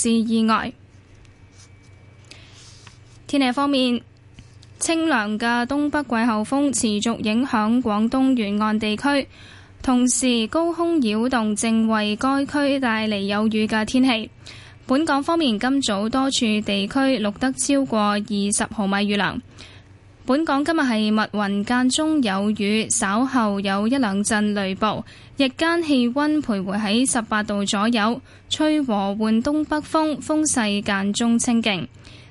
是意外。天氣方面，清涼嘅東北季候風持續影響廣東沿岸地區，同時高空擾動正為該區帶嚟有雨嘅天氣。本港方面，今早多處地區錄得超過二十毫米雨量。本港今日係密雲間中有雨，稍後有一兩陣雷暴。日間氣温徘徊喺十八度左右，吹和緩東北風，風勢間中清勁。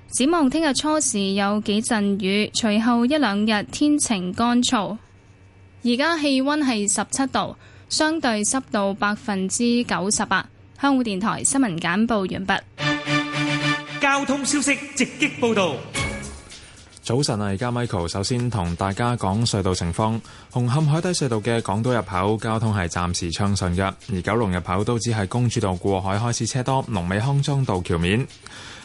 展望聽日初時有幾陣雨，隨後一兩日天晴乾燥。而家氣温係十七度，相對濕度百分之九十八。香港電台新聞簡報完畢。交通消息直擊報導。早晨啊，而家 Michael 首先同大家講隧道情況。紅磡海底隧道嘅港島入口交通係暫時暢順嘅，而九龍入口都只係公主道過海開始車多，龍尾康莊道橋面。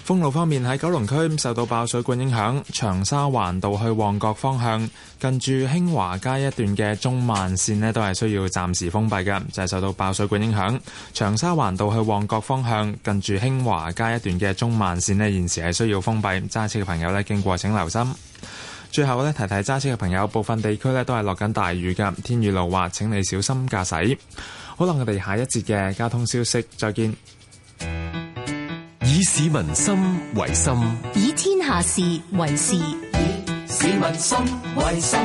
封路方面喺九龍區受到爆水管影響，長沙環道去旺角方向近住興華街一段嘅中慢線呢都係需要暫時封閉嘅，就係、是、受到爆水管影響。長沙環道去旺角方向近住興華街一段嘅中慢線咧，現時係需要封閉，揸車嘅朋友呢經過請留心。最後呢提提揸車嘅朋友，部分地區呢都係落緊大雨嘅，天雨路滑，請你小心駕駛。好啦，我哋下一節嘅交通消息再見。以市民心為心，以天下事為事。以市民心為心，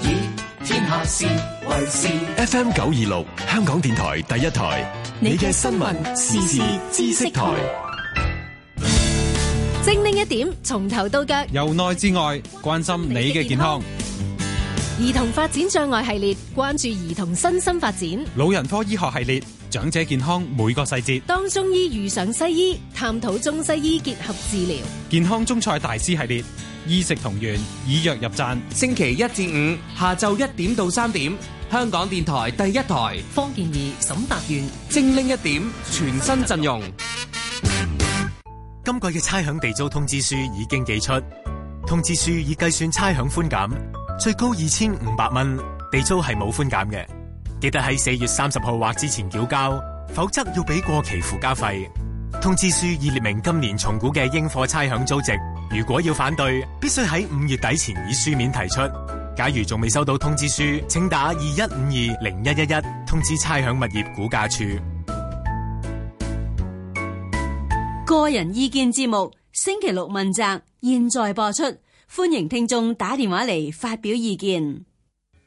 以天下事為事。F M 九二六，香港電台第一台，你嘅新聞時事知識台，精靈一點，從頭到腳，由內至外，關心你嘅健,健康。兒童發展障礙系列，關注兒童身心發展。老人科醫學系列。長者健康每個細節，當中醫遇上西醫，探討中西醫結合治療。健康中菜大師系列，醫食同源，以藥入饌。星期一至五下晝一點到三點，香港電台第一台。方健儀、沈達源、精靈一點全新陣容。今季嘅差餉地租通知書已經寄出，通知書已計算差餉寬減，最高二千五百蚊，地租係冇寬減嘅。記得喺四月三十號或之前繳交，否則要俾過期附加費。通知書已列明今年重估嘅應課差餉租值。如果要反對，必須喺五月底前以書面提出。假如仲未收到通知書，請打二一五二零一一一通知差餉物業估價署。個人意見節目星期六問責，現在播出，歡迎聽眾打電話嚟發表意見。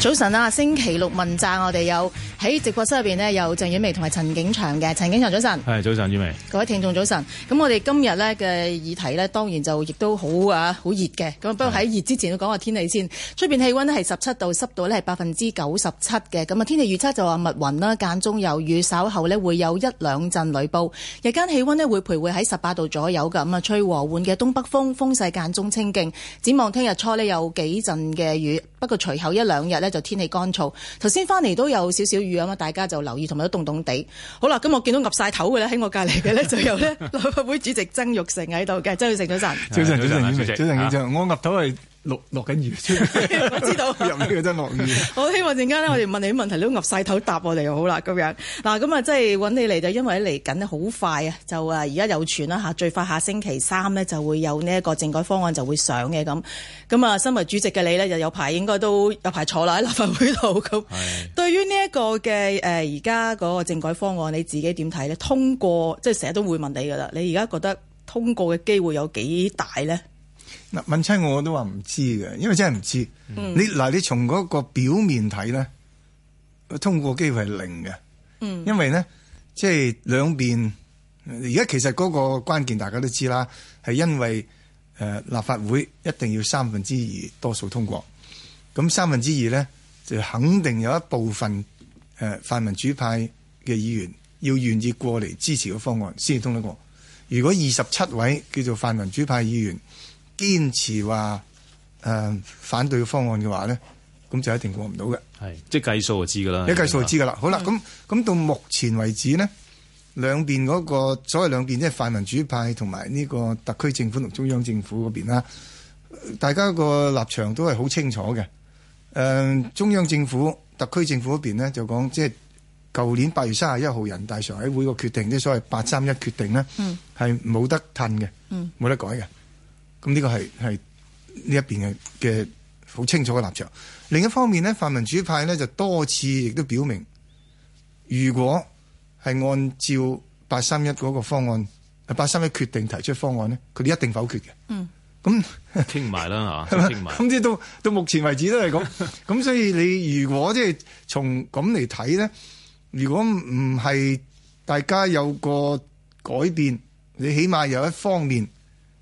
早晨啊，星期六問責，我哋有喺直播室入邊，咧，有鄭婉薇同埋陳景祥嘅。陳景祥早，早晨。係早晨，婉薇。各位聽眾早晨。咁我哋今日咧嘅議題咧，當然就亦都好啊，好熱嘅。咁不過喺熱之前，都講下天氣先。出邊氣溫咧係十七度，濕度咧係百分之九十七嘅。咁啊，天氣預測就話密雲啦，間中有雨，稍後咧會有一兩陣雷暴。日間氣溫咧會徘徊喺十八度左右㗎。咁啊，吹和緩嘅東北風，風勢間中清勁，展望聽日初咧有幾陣嘅雨，不過隨後一兩日咧。就天氣乾燥，頭先翻嚟都有少少雨吖嘛，大家就留意同埋都凍凍地。好啦，咁我見到岌晒頭嘅咧，喺 我隔籬嘅咧就有咧立法會主席曾鈺成喺度嘅。曾鈺成早晨，早晨早晨，早晨，早晨，早晨。早上早上啊、我岌頭係。落落緊雨， 我知道入嘅真落雨。 我希望陣間咧，我哋問你啲問題 你都揼晒頭答我哋就好啦，咁樣嗱，咁啊，即係揾你嚟就因為嚟緊咧好快啊，就啊而家有傳啦嚇最快下星期三咧就會有呢一個政改方案就會上嘅咁。咁啊，身為主席嘅你咧，就有排應該都有排坐啦喺立法會度咁。對於呢一個嘅誒而家嗰個政改方案，你自己點睇咧？通過即係成日都會問你噶啦，你而家覺得通過嘅機會有幾大咧？嗱，問親我都話唔知嘅，因為真係唔知，嗯。你嗱，你從嗰個表面睇咧，通過機會係零嘅。嗯，因為咧，即係兩邊，而家其實嗰個關鍵大家都知啦，係因為誒、呃、立法會一定要三分之二多數通過，咁三分之二咧就肯定有一部分誒、呃、泛民主派嘅議員要願意過嚟支持個方案先至通得過。如果二十七位叫做泛民主派議員，堅持話誒、呃、反對方案嘅話咧，咁就一定過唔到嘅。係即係計數就知噶啦，一計數就知噶啦。好啦，咁咁到目前為止呢，兩邊嗰個所謂兩邊即係泛民主派同埋呢個特區政府同中央政府嗰邊啦，大家個立場都係好清楚嘅。誒、呃，中央政府、特區政府嗰邊呢，就講，即係舊年八月三十一號人大常委會個決定，即所謂八三一決定呢，係、嗯、冇得褪嘅，冇、嗯、得改嘅。咁呢個係係呢一邊嘅嘅好清楚嘅立場。另一方面呢，泛民主派呢就多次亦都表明，如果係按照八三一嗰個方案，八三一決定提出方案呢，佢哋一定否決嘅。嗯，咁傾唔埋啦吓，傾埋咁即到到目前為止都係咁。咁 所以你如果即係從咁嚟睇呢，如果唔係大家有個改變，你起碼有一方面。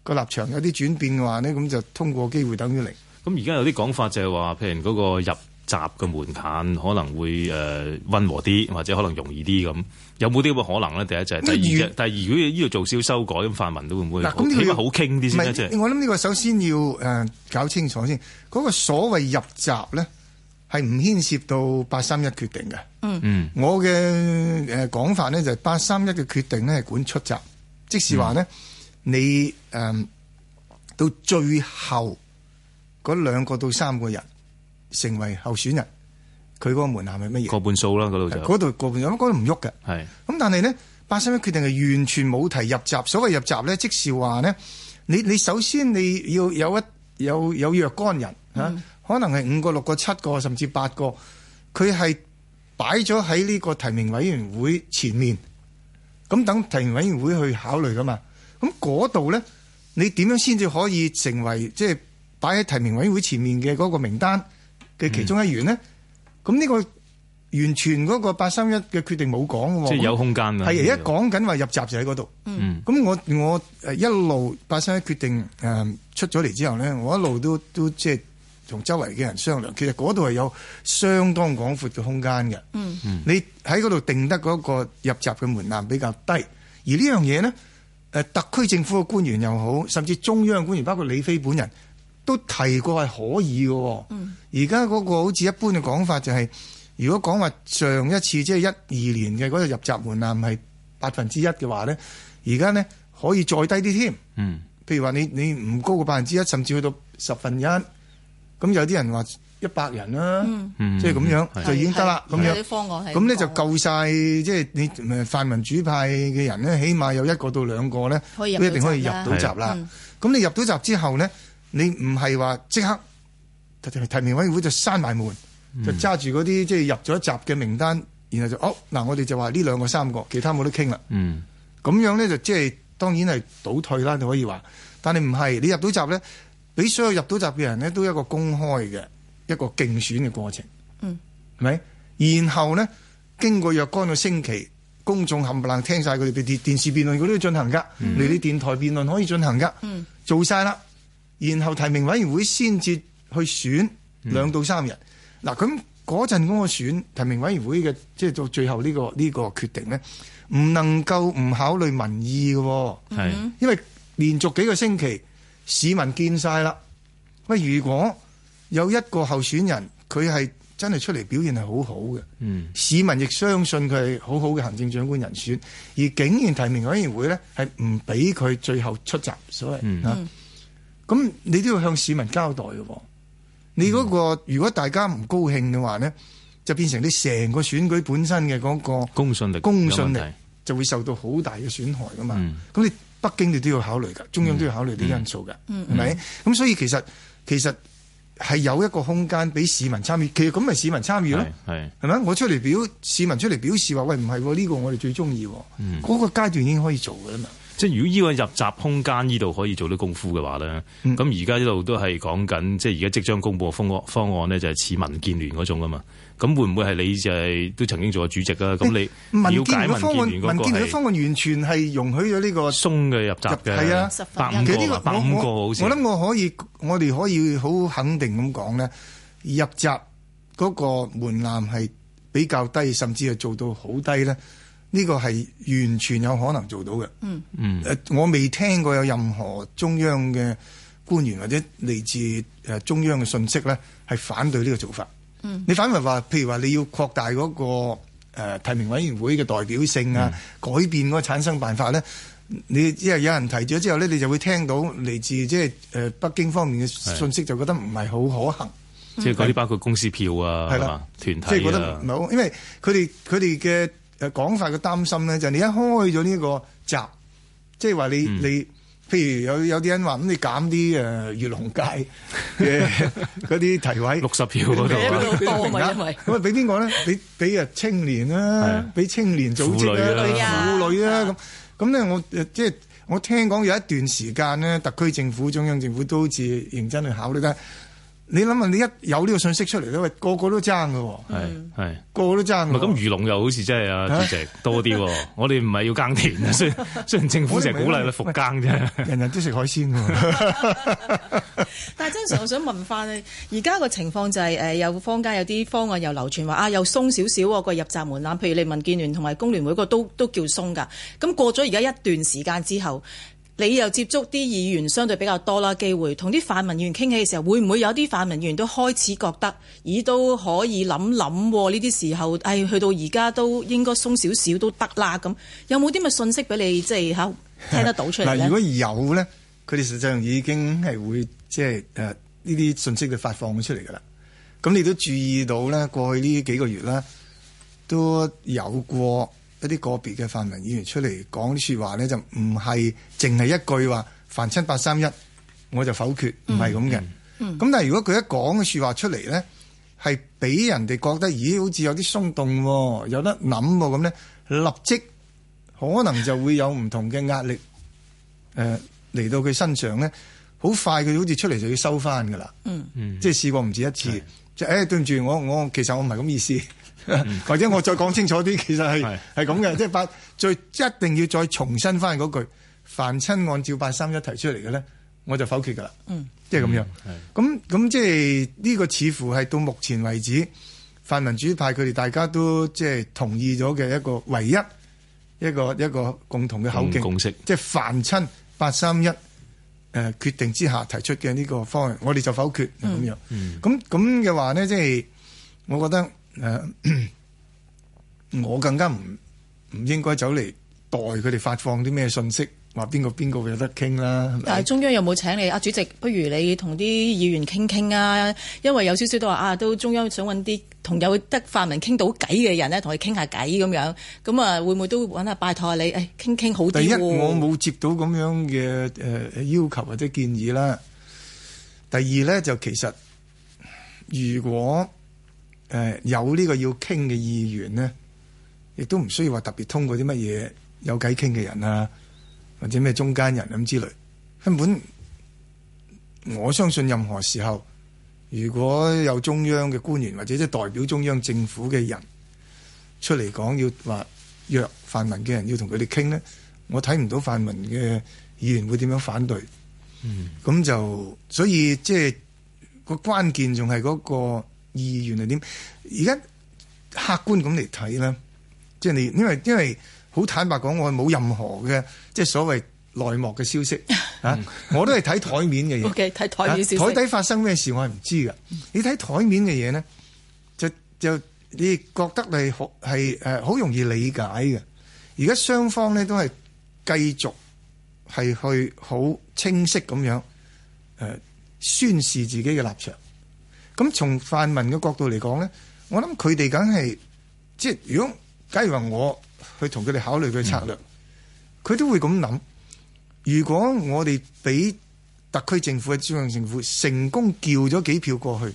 個立場有啲轉變嘅話呢，咁就通過機會等於零。咁而家有啲講法就係話，譬如嗰個入閘嘅門檻可能會誒温和啲，或者可能容易啲咁。有冇啲咁嘅可能咧？第一就係，但係第二，如果依度做少修改，咁泛民都會唔會？嗱、啊，咁呢個好傾啲先。我諗呢個首先要誒、嗯、搞清楚先。嗰、嗰個所謂入閘咧，係唔牽涉到八三一決定嘅。嗯嗯，我嘅誒講法咧就係八三一嘅決定咧係管出閘、嗯，即係話呢。你誒、嗯，到最後嗰兩個到三個人成為候選人，佢嗰個門檻係乜嘢？過半數啦，嗰度就嗰度過半數，咁嗰度唔喐嘅係。咁但係呢，八十一決定係完全冇提入閘。所謂入閘咧，即是話呢，你你首先你要有一有有若干人吓、嗯，可能係五個六個七個甚至八個，佢係擺咗喺呢個提名委員會前面，咁等提名委員會去考慮噶嘛。咁嗰度咧，你點樣先至可以成為即係擺喺提名委員會前面嘅嗰個名單嘅其中一員呢？咁、嗯、呢個完全嗰個八三一嘅決定冇講喎，即係有空間。係而家講緊話入閘就喺嗰度。嗯，咁我我誒一路八三一決定誒出咗嚟之後咧，我一路都都即係同周圍嘅人商量。其實嗰度係有相當廣闊嘅空間嘅。嗯，你喺嗰度定得嗰個入閘嘅門檻比較低，而呢樣嘢咧。特區政府嘅官員又好，甚至中央嘅官員，包括李飛本人，都提過係可以嘅。而家嗰個好似一般嘅講法就係、是，如果講話上一次即係、就是、一二年嘅嗰個入閘門檻係百分之一嘅話咧，而家呢可以再低啲添、嗯。譬如話你你唔高過百分之一，甚至去到十分一，咁有啲人話。一百人啦，啊，即係咁樣就已經得啦。咁樣方案係咁咧就夠晒，即，就，係，是，你咪泛民主派嘅人咧，起碼有一個到兩個咧，都一定可以入到閘啦。咁你入到閘之後咧，你唔係話即刻提提名委員會就閂埋門，嗯，就揸住嗰啲即係入咗閘嘅名單，然後就哦嗱，我哋就話呢兩個三個，其他冇得傾啦。咁，嗯，樣咧就即係，就是，當然係倒退啦，可以話。但係唔係，你入到閘咧，俾所有入到閘嘅人咧，都一個公開嘅。一個競選嘅過程，嗯，係咪？然後咧，經過若干個星期，公眾冚唪唥聽晒佢哋啲電視辯論，都要進行噶，你、嗯、啲電台辯論可以進行噶，嗯，做晒啦。然後提名委員會先至去選、嗯、兩到三人嗱，咁嗰陣嗰個選提名委員會嘅，即係到最後呢、呢個呢、呢個決定咧，唔能夠唔考慮民意嘅，係、嗯，因為連續幾個星期市民見晒啦。喂，如果有一個候選人，佢係真係出嚟表現係好好嘅、嗯，市民亦相信佢係好好嘅行政長官人選，而竟然提名委員會呢係唔俾佢最後出閘，所謂、嗯、啊，咁、嗯、你都要向市民交代嘅。你嗰、嗰個、嗯、如果大家唔高興嘅話呢，就變成你成個選舉本身嘅嗰個公信力，公信力就會受到好大嘅損害噶嘛。咁、嗯、你北京你都要考慮噶，中央都要考慮啲因素嘅，係、嗯、咪？咁、嗯、所以其實其實。係有一個空間俾市民參與，其實咁咪市民參與咯，係咪？我出嚟表市民出嚟表示話，喂，唔係呢個我哋最中意，嗰、嗯嗰個階段已經可以做噶啦嘛。即係如果呢個入閘空間呢度可以做到功夫嘅話咧，咁而家呢度都係講緊，即係而家即將公布嘅方案，方案咧就係似民建聯嗰種㗎嘛。咁會唔會係你就係都曾經做過主席啊？咁、欸、你民建方民建民建聯嘅方案完全係容許咗呢個鬆嘅入閘嘅，百五個百五個我我我諗我可以，我哋可以好肯定咁講咧，入閘嗰個門檻係比較低，甚至係做到好低咧。呢、呢個係完全有可能做到嘅。嗯，我未聽過有任何中央嘅官員或者嚟自中央嘅信息咧，係反對呢個做法。嗯，你反問話，譬如話你要擴大嗰，那個誒、呃、提名委員會嘅代表性啊，改變嗰產生辦法咧，嗯，你一有人提咗之後咧，你就會聽到嚟自即係誒北京方面嘅信息，就覺得唔係好可行。即係嗰啲包括公司票啊，係啦，團、啊、體啊，唔、就、好、是，因為佢哋佢哋嘅誒講法嘅擔心咧，就是，你一開咗呢個閘，即係話你你。你譬如有有啲人話咁，你減啲誒漁農界嗰啲提位六十票嗰度啦，咁啊俾邊個咧？俾俾誒青年啦、啊，俾 青年組織啦、啊，婦女啦、啊、咁。咁咧、啊啊啊、我即係我聽講有一段時間咧，特區政府、中央政府都好似認真去考慮緊。你諗下，你一有呢個信息出嚟咧，喂，個個都爭㗎，係係，個個都爭。咪咁魚龍又好似真係啊，多啲。 我哋唔係要耕田啊，雖雖然政府成日鼓勵你復耕啫，人人都食海鮮。 但係真係，我想問翻你，而家個情況就係、是、誒，有坊間有啲方案又流傳話啊，又鬆少少個入閘門檻，譬如你民建聯同埋工聯會個都都叫鬆噶。咁過咗而家一段時間之後。你又接觸啲議員相對比較多啦，機會同啲泛民議員傾偈嘅時候，會唔會有啲泛民議員都開始覺得咦，都可以諗諗呢啲時候，誒、哎、去到而家都應該鬆少少都得啦咁，有冇啲乜信息俾你即係吓聽得到出嚟咧？如果有呢，佢哋實際上已經係會即係誒呢啲信息嘅發放出嚟噶啦。咁你都注意到呢，過去呢幾個月啦都有過，一啲個別嘅泛民議員出嚟講啲說話咧，就唔係淨係一句話凡親八三一，我就否決，唔係咁嘅。咁、嗯嗯、但係如果佢一講嘅說話出嚟咧，係俾人哋覺得咦，好似有啲鬆動，有得諗咁咧，立即可能就會有唔同嘅壓力，誒 嚟、呃、到佢身上咧，快好快佢好似出嚟就要收翻噶啦。嗯，即係試過唔止一次，就誒、欸、對唔住，我我其實我唔係咁意思。 或者我再講清楚啲，其實係係咁嘅，是是樣 即係八一定要再重申翻嗰句，凡親按照八三一提出嚟嘅咧，我就否決噶啦，即係咁樣。咁咁即係呢個似乎係到目前為止，泛民主派佢哋大家都即係同意咗嘅一個唯一一個一個,一個共同嘅口徑共識，即係、就是、凡親八三一誒決定之下提出嘅呢個方案，我哋就否決咁樣。咁咁嘅話呢，即、就、係、是、我覺得。誒、uh, 我更加唔唔應該走嚟代佢哋發放啲咩信息，話邊個邊個有得傾啦。但係中央有冇請你啊，啊，主席？不如你同啲議員傾傾啊，因為有少少都話啊，都中央想揾啲同有得泛民傾到偈嘅人呢，同佢傾下偈咁樣。咁啊，會唔會都揾下拜託下你誒，傾、哎、傾好啲，啊？第一，我冇接到咁樣嘅誒、呃、要求或者建議啦。第二呢，就其實如果。誒、呃，有呢個要傾嘅議員呢，亦都唔需要話特別通過啲乜嘢有偈傾嘅人啊，或者咩中間人咁之類。根本我相信任何時候，如果有中央嘅官員或者即係代表中央政府嘅人出嚟講要話約泛民嘅人要同佢哋傾呢，我睇唔到泛民嘅議員會點樣反對。嗯，咁就所以即係、個關鍵仲係嗰個。意願係點？而家客觀咁嚟睇咧，即係你，因為因為好坦白講，我冇任何嘅即係所謂內幕嘅消息 啊！我都係睇台面嘅嘢，睇、okay，台面。台、啊、底發生咩事，我係唔知㗎。你睇台面嘅嘢咧，就就你覺得你好係誒好容易理解嘅。而家雙方咧都係繼續係去好清晰咁樣誒、呃、宣示自己嘅立場。咁從泛民嘅角度嚟講，咧，我諗佢哋梗係即係如果假如話我去同佢哋考慮佢策略，佢、嗯、都會咁諗。如果我哋俾特區政府嘅中央政府成功叫咗幾票過去，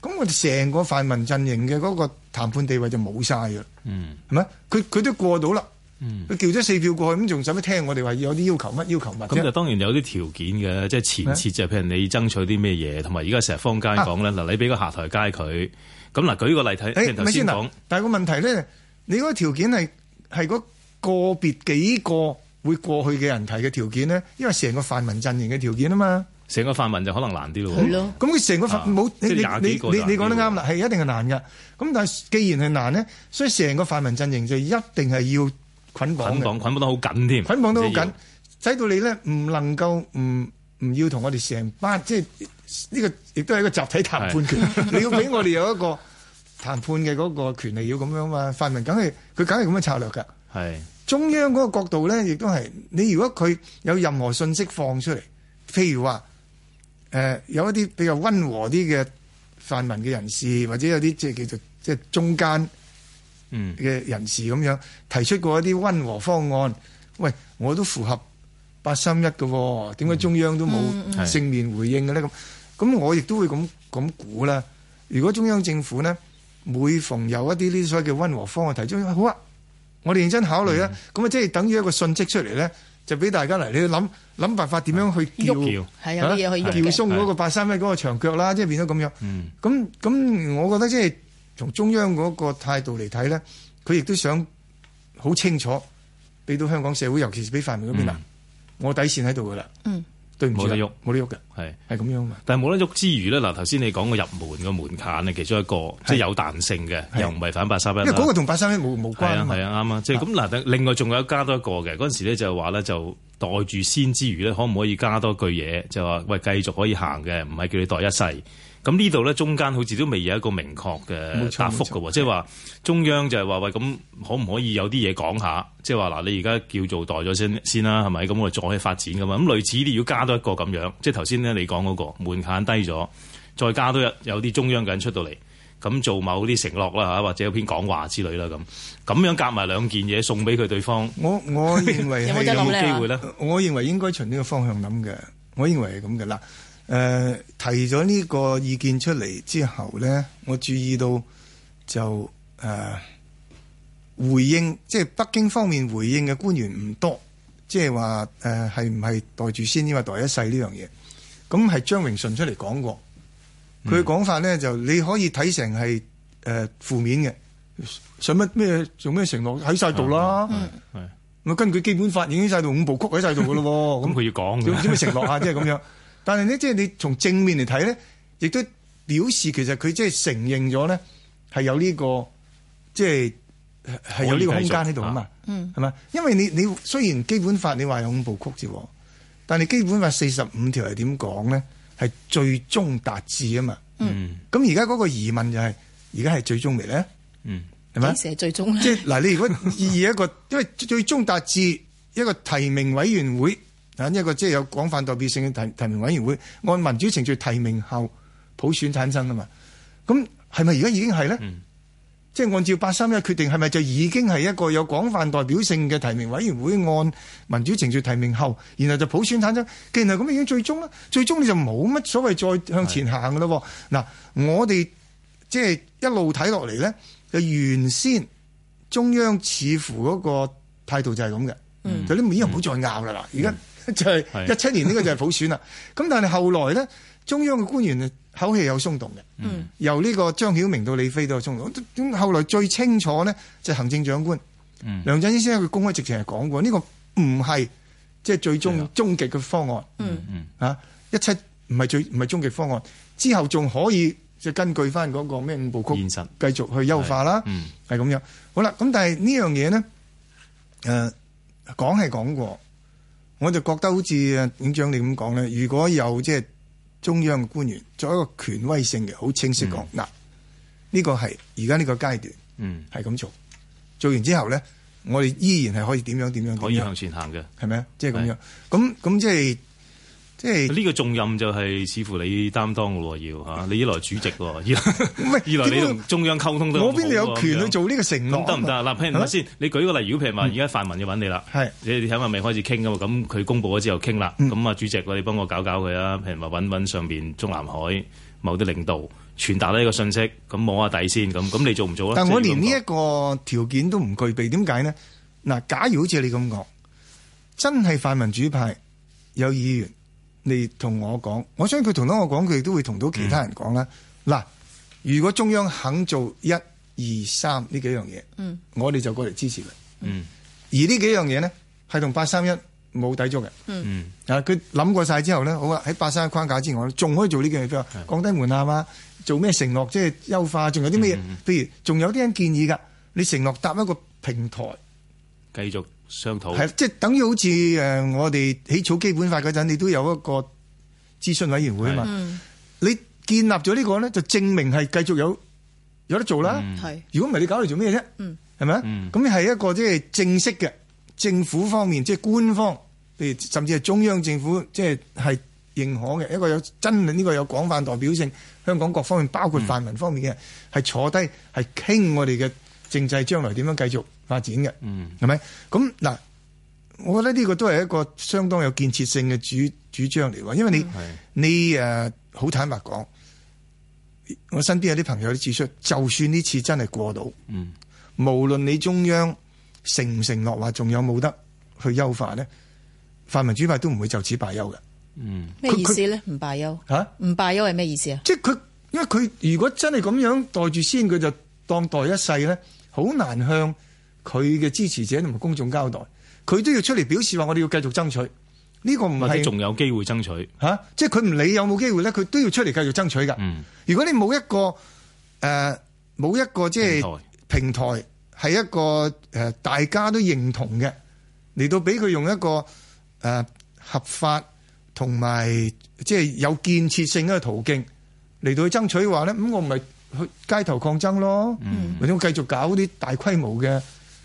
咁我哋成個泛民陣營嘅嗰個談判地位就冇晒嘅，嗯，係咪？佢佢都過到啦。佢、嗯、叫咗四票過去，咁仲使乜聽我哋話要有啲要求乜要求乜，咁就當然有啲條件嘅，即係前設就、啊、譬如你爭取啲咩嘢，同埋而家成日坊間講咧，嗱、啊、你俾個下台階佢，咁嗱舉個例睇。頭先講，但係個問題咧，你嗰個條件係係個個別幾個會過去嘅人提嘅條件咧，因為成個泛民陣營嘅條件啊嘛。成個泛民就可能難啲咯。咁佢成個冇、啊、你個你你你講得啱啦，係、啊、一定係難嘅。咁但係既然係難咧，所以成個泛民陣營就一定係要。捆綁捆綁得好緊添，捆綁得好緊，使到你咧唔能夠唔唔要同我哋成班，即係呢、這個亦都係一個集體談判權。 你要俾我哋有一個談判嘅嗰個權利，要咁樣嘛？泛民梗係佢梗係咁樣策略噶。係中央嗰個角度咧，亦都係你如果佢有任何信息放出嚟，譬如話誒、呃、有一啲比較溫和啲嘅泛民嘅人士，或者有啲即係叫做即係中間。嘅、嗯、人士咁樣提出過一啲溫和方案，喂，我都符合八三一嘅，點解中央都冇正面回應嘅咧？咁、嗯、咁我亦都會咁咁估啦。如果中央政府呢，每逢有一啲呢啲所謂嘅溫和方案提出，好啊，我哋認真考慮啊。咁、嗯、啊，即係等於一個訊息出嚟呢，就俾大家嚟你諗諗辦法點樣去喐，係去、啊、喐鬆嗰個八三一嗰個長腳啦，即係變咗咁樣。咁咁，我覺得即係。從中央嗰個態度嚟睇咧，佢亦都想好清楚，俾到香港社會，尤其是俾泛民嗰邊啊、嗯，我底線喺度㗎啦。嗯，對唔住。冇得喐，冇得喐嘅，係係咁樣嘛。但係冇得喐之餘咧，嗱頭先你講個入門嘅門檻咧，其中一個即係、就係、有彈性嘅，又唔係反831。因為嗰個同831冇冇關嘛。係啊係啊，啱啊。即係咁嗱，啊、另外仲有加多一個嘅嗰陣時咧，就話咧就袋住先之餘咧，可唔可以加多一句嘢？就話喂，繼續可以行嘅，唔係叫你袋一世。咁呢度咧，中間好似都未有一個明確嘅答覆嘅喎，即係話中央就係話喂，咁可唔可以有啲嘢講下？即係話嗱，你而家叫做代咗先先啦，係咪？咁我哋再去發展咁嘛，咁類似呢啲，要加多一個咁樣，即係頭先咧你講嗰、嗰個門檻低咗，再加多一有啲中央嘅人出到嚟，咁做某啲承諾啦嚇，或者有篇講話之類啦咁，咁樣夾埋兩件嘢送俾佢對方。我我認為 有冇得諗呢個機會咧？我認為應該從呢個方向諗嘅，我認為係咁嘅啦。誒、呃，提咗呢個意見出嚟之後咧，我注意到就誒、呃、回應，即係北京方面回應嘅官員唔多，即係話誒係唔係待住先因為待一世呢樣嘢，咁係張榮順出嚟講過，佢講法咧、嗯、就你可以睇成係誒負面嘅，想乜咩做咩承諾喺晒度啦，係、嗯嗯嗯，根據基本法已經晒到 五部曲喺晒度噶咯，咁 佢要講嘅、嗯，咩承諾啊？即係咁樣。 但係咧，即係你從正面嚟睇咧，亦都表示其實佢即係承認咗咧、呢個，係有呢個即係係有呢個空間喺度啊嘛。嗯，係嘛？因為你你雖然基本法你話有五部曲喎，但係基本法四十五條係點講咧？係最終達至啊嘛。嗯。咁而家嗰個疑問就係、係，而家係最終嚟咧？嗯。係咪？幾時係最終咧？即係嗱，你如果以一個，因為最終達至一個提名委員會。啊！一個即係有廣泛代表性嘅提提名委員會，按民主程序提名後普選產生噶嘛？咁係咪而家已經係咧？即、嗯、係、就是、按照八三一決定，係咪就已經係一個有廣泛代表性嘅提名委員會，按民主程序提名後，然後就普選產生。既然係咁，已經最終啦，最終你就冇乜所謂再向前行噶咯？嗱，我哋即係一路睇落嚟咧，就原先中央似乎嗰個態度就係咁嘅，就啲面又唔好再拗啦啦，而、嗯、家。就係一七年呢個就係普選啦，咁 但係後來咧，中央嘅官員口氣有鬆動嘅、嗯，由呢個張曉明到李飛都有鬆動，咁後來最清楚呢就係、行政長官，嗯、梁振英先生佢公開直情係講過，呢、呢個唔係即係最終終極嘅方案，嗯嗯，吓一七唔係最唔係終極方案，之後仲可以就根據翻嗰個咩五部曲，繼續去優化啦，嗯係咁樣，好啦，咁但係呢樣嘢呢誒講係講過。我就覺得好似警長你咁講咧，如果有即係中央嘅官員作一個權威性嘅，好清晰講嗱，呢、嗯這個係而家呢個階段，係、嗯、咁做，做完之後咧，我哋依然係可以點樣點樣點樣，可以向前行嘅，係咪啊？即係咁樣，咁咁即係。即係呢個重任就係似乎你擔當嘅喎，要嚇你一來主席喎，二 來你同中央溝通得，我邊度有權去做呢個承諾得唔得？嗱，譬如話先，你舉個例子，如果譬如話而家泛民要揾你啦，係你睇下未開始傾嘅嘛？咁佢公佈咗之後傾啦，咁啊，主席，你幫我搞搞佢啦。譬如話揾揾上邊中南海某啲領導傳達呢個信息，咁摸下底先，咁咁你做唔做啊？但我連呢一個條件都唔具備，點解呢？嗱，假如好似你咁講，真係泛民主派有議員。你同我講，我相信佢同到我講，佢亦都會同到其他人講啦。嗱、嗯，如果中央肯做一二三呢幾樣嘢，我哋就過嚟支持佢。而呢幾樣嘢咧，係同八三一冇抵觸嘅。嗯，啊，佢、嗯、諗、嗯、過晒之後咧，好啊，喺八三一框架之外，仲可以做呢幾樣嘢，譬如降低門檻啊，做咩承諾，即係優化，仲有啲咩嘢？譬、嗯嗯嗯、如仲有啲人建議噶，你承諾搭一個平台，繼續。商討係即係等於好似誒，我哋起草基本法嗰陣，你都有一個諮詢委員會啊嘛。是嗯、你建立咗呢、呢個咧，就證明係繼續有有得做啦。係如果唔係，你搞嚟做咩啫？嗯是，係咪啊？咁係一個即係正式嘅政府方面，即係官方，譬如甚至係中央政府，即係係認可嘅一個有真嘅呢個有廣泛代表性，香港各方面包括泛民方面嘅，係、嗯、坐低係傾我哋嘅政制將來點樣繼續。發展嘅，係、嗯、咪？咁嗱，我覺得呢個都係一個相當有建設性嘅主主張嚟嘅，因為你、嗯、你誒，好坦白講，我身邊有啲朋友都指出，就算呢次真係過到、嗯，無論你中央承唔承諾話，仲有冇得去優化呢？泛民主派都唔會就此罷休嘅。嗯，咩意思咧？唔罷休吓？唔罷休係咩意思啊？即係佢，因為佢如果真係咁樣待住先，佢就當待一世咧，好難向。佢嘅支持者同埋公眾交代，佢都要出嚟表示話我哋要繼續爭取呢、個唔係，或者仲有機會爭取吓、啊，即係佢唔理有冇機會咧，佢都要出嚟繼續爭取㗎。嗯、如果你冇一個誒冇、呃、一個即係、即係、平台係一個誒、呃、大家都認同嘅嚟到俾佢用一個誒、呃、合法同埋即係有建設性嘅途徑嚟到去爭取嘅話咧，咁我唔係去街頭抗爭咯，嗯、或者我繼續搞啲大規模嘅。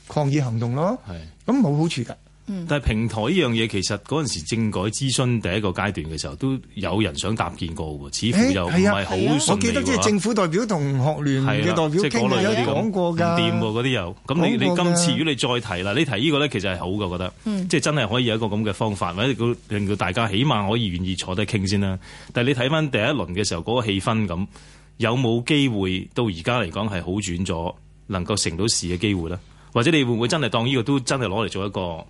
抗議行動咯，係咁冇好處噶、嗯。但係平台呢樣嘢，其實嗰陣時政改諮詢第一個階段嘅時候，都有人想搭建過喎，似乎又唔係好。我記得即係政府代表同學聯嘅代表傾埋、啊啊、有講、啊、過噶，唔掂嗰啲又咁。你你今次如果你再提啦，你提呢個咧，其實係好噶，我覺得、嗯、即係真係可以有一個咁嘅方法，或者令到大家起碼可以願意坐低傾先啦。但係你睇翻第一輪嘅時候嗰、那個氣氛咁，有冇機會到而家嚟講係好轉咗，能夠成到事嘅機會咧？或者你會唔會真係當呢個都真係攞嚟做一個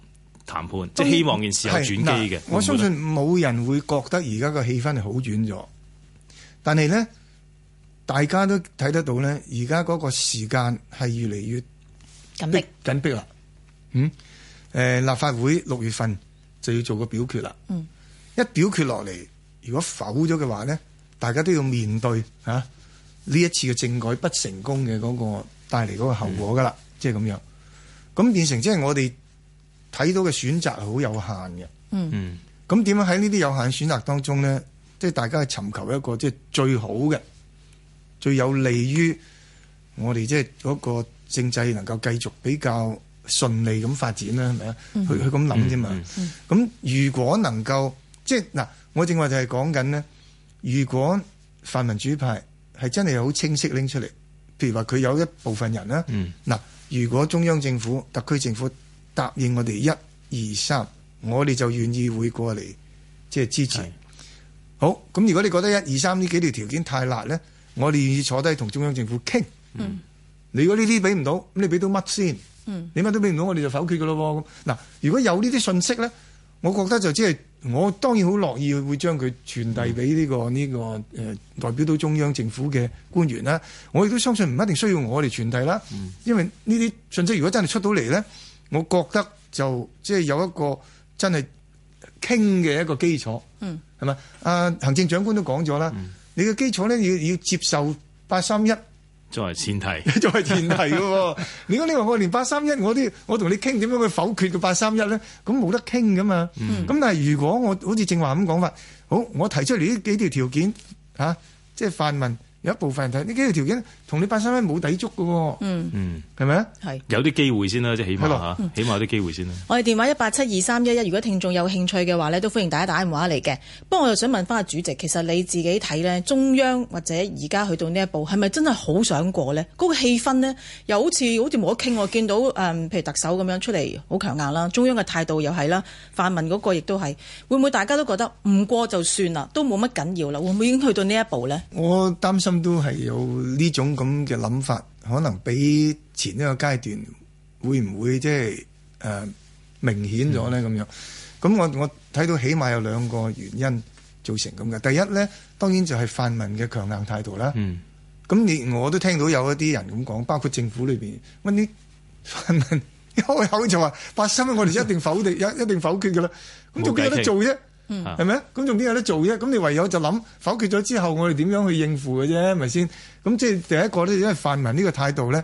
談判，即係希望件事有轉機嘅。我相信冇人會覺得而家個氣氛係好轉咗，但係咧，大家都睇得到咧，而家個時間係越嚟越緊迫緊迫啦。嗯，誒、呃，立法會六月份就要做個表決啦。嗯，一表決落嚟，如果否咗嘅話咧，大家都要面對吓呢一次嘅政改不成功嘅嗰個帶嚟嗰個後果噶啦，即係咁樣。咁變成即係我哋睇到嘅選擇係好有限嘅。嗯，咁點樣喺呢啲有限選擇當中咧，即係大家去尋求一個即係最好嘅，最有利於我哋即係嗰個政制能夠繼續比較順利咁發展啦，係咪啊？去去咁諗啫嘛。咁、嗯嗯嗯、如果能夠即係嗱，我正話就係講緊咧，如果泛民主派係真係好清晰拎出嚟，譬如話佢有一部分人呢。嗱、嗯。如果中央政府、特區政府答應我哋一二三，我哋就願意會過嚟即係支持。好，咁如果你覺得一二三呢幾條條件太辣咧，我哋願意坐低同中央政府傾。嗯，你如果呢啲俾唔到，咁你俾到乜先？嗯，你乜都俾唔到，我哋就否決噶咯喎。嗱，如果有呢啲信息咧，我覺得就即係。我當然好樂意會將佢傳遞俾呢、這個呢、這個誒、呃、代表到中央政府嘅官員啦。我亦都相信唔一定需要我嚟傳遞啦，因為呢啲信息如果真係出到嚟咧，我覺得就即係、就是、有一個真係傾嘅一個基礎，係、嗯、咪？啊，行政長官都講咗啦，你嘅基礎咧要要接受八三一。作為前提， 作為前提嘅。 你講你話，我連八三一我都，我同你傾點樣去否決個八三一咧？咁冇得傾噶嘛。咁、嗯、但係如果我好似正話咁講法，好，我提出嚟呢幾條條件啊，即係泛民。有一部分人睇呢幾個條件呢，同你八三一冇抵觸嘅喎。嗯嗯，係咪啊？係有啲機會先啦，即係起碼起碼有啲機會先啦。我哋電話一八七二三一一，如果聽眾有興趣嘅話咧，都歡迎大家打電話嚟嘅。不過我又想問翻阿主席，其實你自己睇咧，中央或者而家去到呢一步，係咪真係好想過呢？嗰、嗰個氣氛呢，又好似好似冇得傾，我見到誒，譬、嗯、如特首咁樣出嚟好強硬啦，中央嘅態度又係啦，泛民嗰個亦都係，會唔會大家都覺得唔過就算啦，都冇乜緊要啦？會唔會已經去到呢一步呢？我擔心。都係有呢種咁嘅諗法，可能比前一個階段會唔會即係誒明顯咗咧？咁、嗯、樣，咁我我睇到起碼有兩個原因造成咁嘅。第一咧，當然就係泛民嘅強硬態度啦。嗯。咁你我都聽到有一啲人咁講，包括政府裏邊，問啲泛民一開口就話八三一我哋一定否定，一一定否決噶啦。咁仲有得做啫。嗯，係咪？咁仲邊有得做啫？咁你唯有就諗否決咗之後，我哋點樣去應付嘅啫？係咪先？咁即係第一個咧，因為泛民呢個態度咧，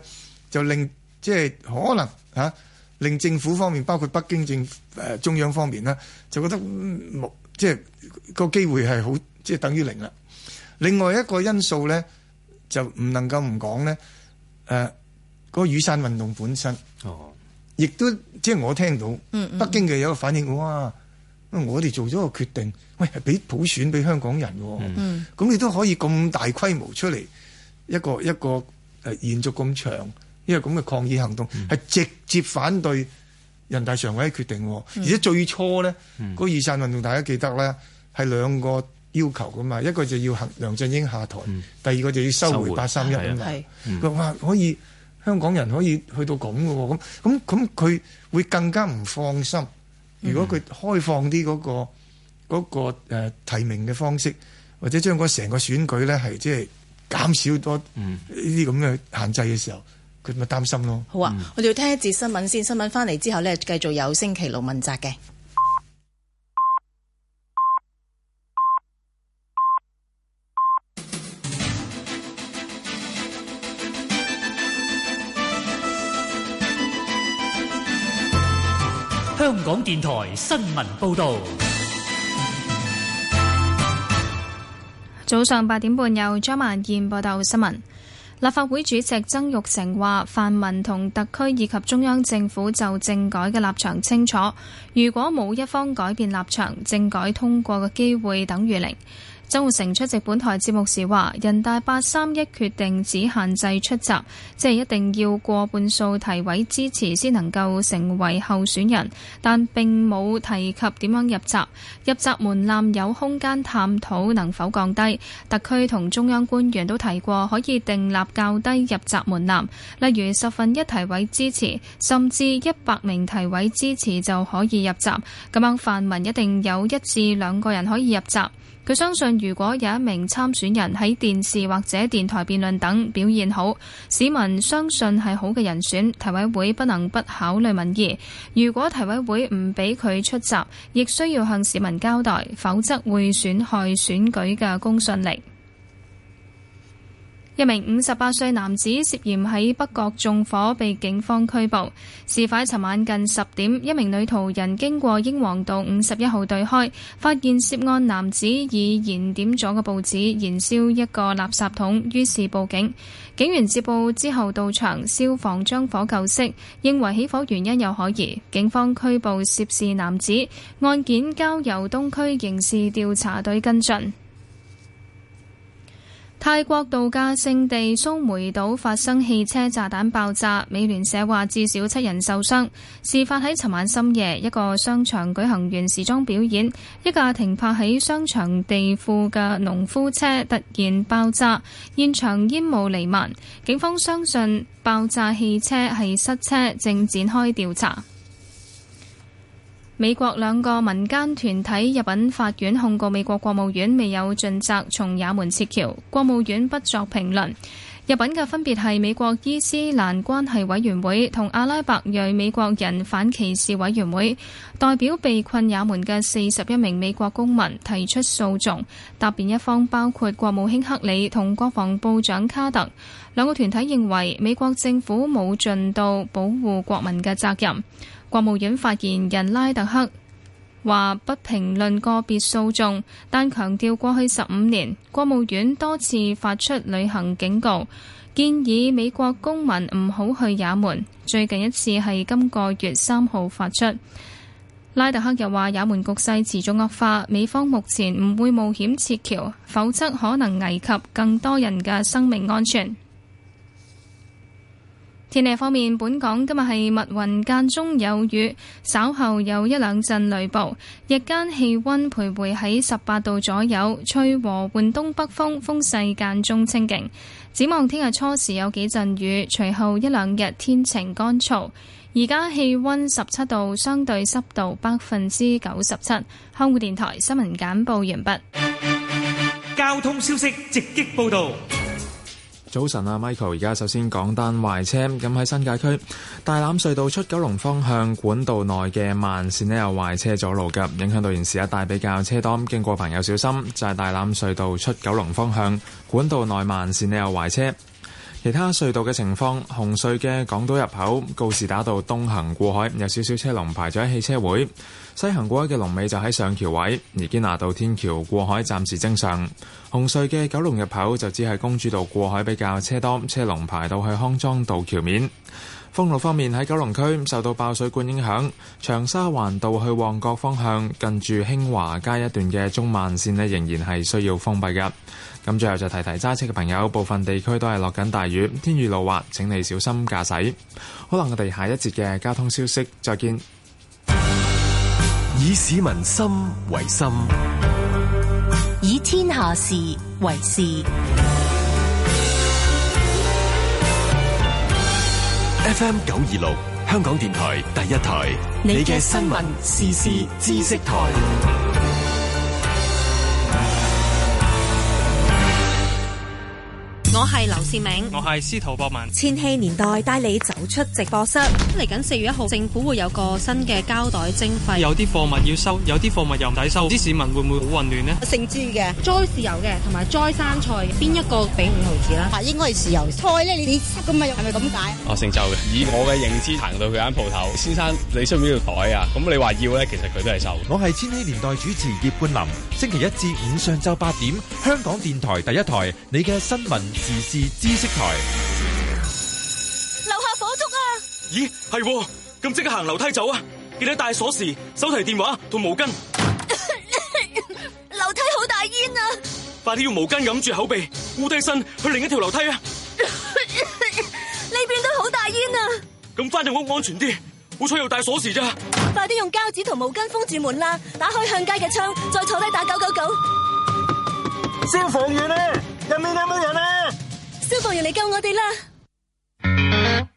就令即係可能吓、啊，令政府方面，包括北京政誒、呃、中央方面啦，就覺得冇即係個機會係好，即係、那個、等於零啦。另外一個因素咧，就唔能夠唔講咧，誒、呃，嗰、那個、雨傘運動本身哦，亦都即係我聽到，北京嘅有個反應，嗯嗯哇！我哋做咗個決定，喂，俾普選俾香港人，哦，咁、嗯、你都可以咁大規模出嚟，一個一個誒、呃、延續咁長，因為咁嘅抗議行動，係、嗯、直接反對人大常委嘅決定，哦嗯，而且最初咧，嗰、嗯、那個、雨傘運動大家記得咧，係兩個要求噶嘛，一個就要行梁振英下台，嗯，第二個就要收回八三一啊嘛，佢、嗯、話可以香港人可以去到咁噶，哦，咁咁咁佢會更加唔放心。如果佢開放啲嗰個嗰個誒提名嘅方式，或者將嗰成個選舉咧係即係減少多呢啲咁嘅限制嘅時候，佢、嗯、咪擔心咯。好啊，我哋要聽一節新聞先，新聞翻嚟之後咧，繼續有星期六問責嘅。香港電台新聞報道，早上八點半由張曼燕報道新聞。立法會主席曾鈺成話，泛民同特區以及中央政府就政改嘅立場清楚，如果冇一方改變立場，政改通過嘅機會等於零。曾鈺成出席本台節目時話，人大八三一決定只限制出閘，即係一定要過半數提委支持先能夠成為候選人，但並冇提及點樣入閘。入閘門檻有空間探討能否降低。特區同中央官員都提過可以訂立較低入閘門檻，例如十分一提委支持，甚至一百名提委支持就可以入閘，咁樣泛民一定有一至兩個人可以入閘。佢相信，如果有一名參選人喺電視或者電台辯論等表現好，市民相信係好嘅人選，提委會不能不考慮民意。如果提委會唔俾佢出閘，亦需要向市民交代，否則會損害選舉嘅公信力。一名五十八歲男子涉嫌喺北角縱火被警方拘捕。事發尋晚近十點，一名女途人經過英皇道五十一號對開，發現涉案男子已燃點咗個報紙，燃燒一個垃圾桶，於是報警。警員接報之後到場，消防將火救熄，認為起火原因有可疑。警方拘捕涉事男子，案件交由東區刑事調查隊跟進。泰國度假勝地蘇梅島發生汽車炸彈爆炸，美聯社話至少七人受傷。事發喺尋晚深夜，一個商場舉行完時裝表演，一架停泊喺商場地庫嘅農夫車突然爆炸，現場煙霧彌漫。警方相信爆炸汽車係失車，正展開調查。美國兩個民間團體入稟法院控告美國國務院未有盡責從也門撤僑，國務院不作評論。入稟嘅分別係美國伊斯蘭關係委員會同阿拉伯裔美國人反歧視委員會，代表被困也門嘅四十一名美國公民提出訴訟，答辯一方包括國務卿克里同國防部長卡特。兩個團體認為美國政府冇盡到保護國民嘅責任。國務院發言人拉特克話不評論個別訴訟，但強調過去十五年國務院多次發出旅行警告，建議美國公民唔好去也門。最近一次係今個月三號發出。拉特克又話也門局勢持續惡化，美方目前唔會冒險撤僑，否則可能危及更多人嘅生命安全。天氣方面，本港今日係密雲間中有雨，稍後有一兩陣雷暴。日間氣溫徘徊喺十八度左右，吹和緩東北風，風勢間中清勁。展望聽日初時有幾陣雨，隨後一兩日天晴乾燥。而家氣溫十七度，相對濕度百分之九十七。香港電台新聞簡報完畢。交通消息直擊報道。早晨啊，Michael，而家首先講單壞車。咁喺新界區大欖隧道出九龍方向管道內嘅慢線呢，有壞車阻路，㗎，影響到現時一帶比較車多，經過朋友小心。就係、是、大欖隧道出九龍方向管道內慢線呢，有壞車。其他隧道嘅情況，紅隧嘅港島入口告士打道東行過海有少少車龍排咗喺汽車會，西行過海嘅龍尾就喺上橋位；而堅拿道天橋過海暫時正常。紅隧嘅九龍入口就只係公主道過海比較車多，車龍排到去康莊道橋面。封路方面喺九龍區受到爆水管影響，長沙環道去旺角方向近住興華街一段嘅中慢線呢仍然係需要封閉㗎。咁最後就提提揸車嘅朋友，部分地區都係落緊大雨，天雨路滑，請你小心駕駛。好啦，我哋下一節嘅交通消息，再見。以市民心為心，以天下事為事。F M 九二六，香港電台第一台，你嘅新聞時事知識台。我係劉善明，我係司徒博文。千禧年代帶你走出直播室。嚟緊四月一號，政府會有個新嘅膠袋徵費。有啲貨物要收，有啲貨物又唔抵收。啲市民會唔會好混亂咧？姓朱嘅，齋豉油嘅，同埋齋生菜，邊一個俾五毫子啦？嗱，應該係豉油。菜咧，你你七公米肉係咪咁解？啊，姓周嘅，以我嘅認知行到佢間鋪頭，先生，你需唔需要袋啊？咁你話要咧，其實佢都係收。我係千禧年代主持葉冠霖，星期一至五上晝八點，香港電台第一台，你嘅新聞。時事知識台，樓下火燭啊！咦，係、啊，咁即刻行樓梯走啊！記得帶鎖匙、手提電話同毛巾。樓 梯好大煙啊！快啲用毛巾掩住口鼻，呼低身去另一條樓梯啊！呢邊都好大煙啊！咁翻到屋安全啲，好彩又帶鎖匙咋 ？快啲用膠紙同毛巾封住門啦！打開向街嘅窗，再坐低打九九九。消防員呢、啊？入面有乜人咧、啊？消防員嚟救我哋啦！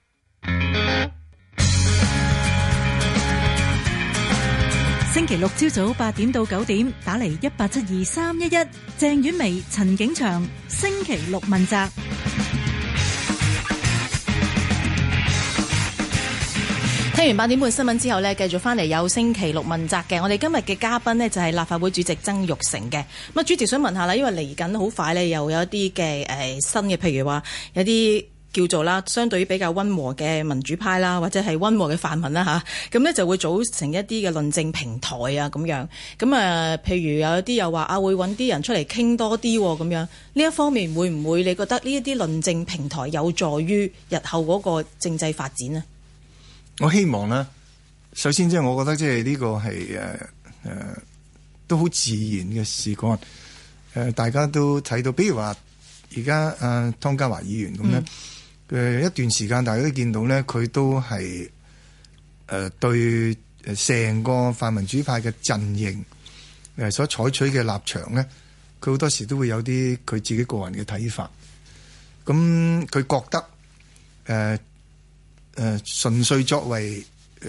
星期六朝早八點到九點，打嚟一八七二三一一，鄭婉薇、陳景祥，星期六問責。聽完八點半新聞之後呢，繼續翻嚟有星期六問責嘅。我哋今日嘅嘉賓呢，就係立法會主席曾鈺成嘅。咁啊，主席想問下啦，因為嚟緊好快呢，又有一啲嘅，誒新嘅，譬如話有啲叫做啦，相對於比較溫和嘅民主派啦，或者係溫和嘅泛民啦吓。咁呢，就會組成一啲嘅論政平台啊，咁樣咁啊，譬如有啲又話啊，會搵啲人出嚟傾多啲咁樣。呢一方面會唔會你覺得呢一啲論政平台有助於日後嗰個政制發展咧？我希望呢，首先即係我覺得即係呢個係誒誒都好自然嘅事講，誒、呃、大家都睇到，比如話而、呃、家誒湯家驊議員咁樣，誒、嗯、一段時間大家都見到咧，佢都係誒、呃、對誒成個泛民主派嘅陣營誒所採取嘅立場咧，佢好多時都會有啲佢自己個人嘅睇法，咁佢覺得誒。呃誒、呃，純粹作為誒、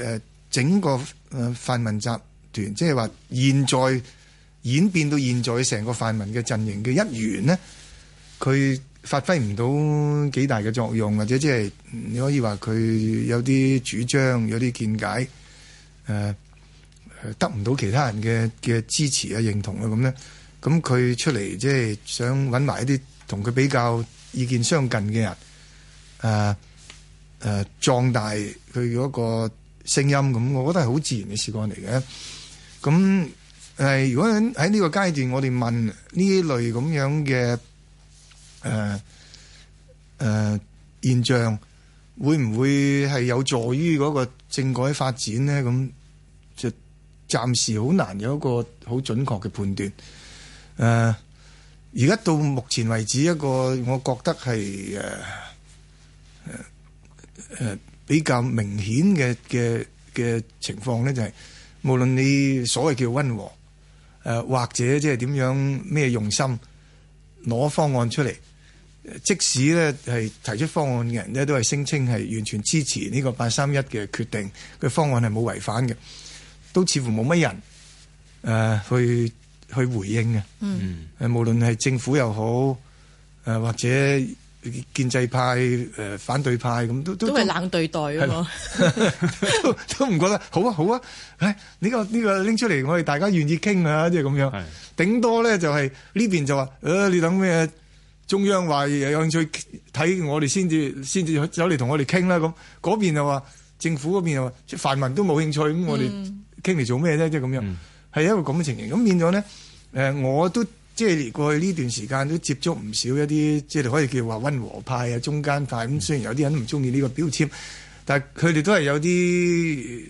呃、整個、呃、泛民集團，即係話現在演變到現在成個泛民嘅陣營嘅一員呢，佢發揮唔到幾大嘅作用，或者即係你可以話佢有啲主張，有啲見解，誒、呃，得唔到其他人嘅嘅支持啊、認同啊咁咧，咁佢出嚟即係想揾埋一啲同佢比較意見相近嘅人，誒、呃。誒，壯大佢嗰個聲音咁，我覺得係好自然嘅事況嚟嘅。咁誒，如果喺呢個階段我，我哋問呢一類咁樣嘅誒誒現象，會唔會係有助於嗰個政改發展呢？咁就暫時好難有一個好準確嘅判斷。誒、呃，而家到目前為止，一個我覺得係誒。呃誒、呃，比較明顯嘅嘅嘅情況咧，就係、是、無論你所謂叫溫和誒、呃，或者即係點樣咩用心攞方案出嚟、呃，即使咧係提出方案嘅人咧，都係聲稱係完全支持呢個八三一嘅決定，個方案係冇違反嘅，都似乎冇乜人誒、呃、去去回應嘅。嗯，無論係政府又好誒、呃，或者。建制派、誒、呃、反對派咁都都都係冷對待啊嘛， 都唔覺得好啊好啊，誒呢、啊哎呢個呢、呢個拎出嚟，我哋大家願意傾啊，即係咁樣。係，頂多咧就係、是、呢邊就話，誒、呃、你等咩中央話有興趣睇我哋先至先至走嚟同我哋傾啦。咁嗰邊又話政府嗰邊又話，即係泛民都冇興趣咁，我哋傾嚟做咩啫？即係咁樣，係、嗯、一個咁嘅情形，咁變咗咧誒我都。即係過去呢段時間都接觸唔少一啲，即係可以叫話温和派啊、中間派咁。雖然有啲人唔中意呢個標籤，但係佢哋都係有啲，誒，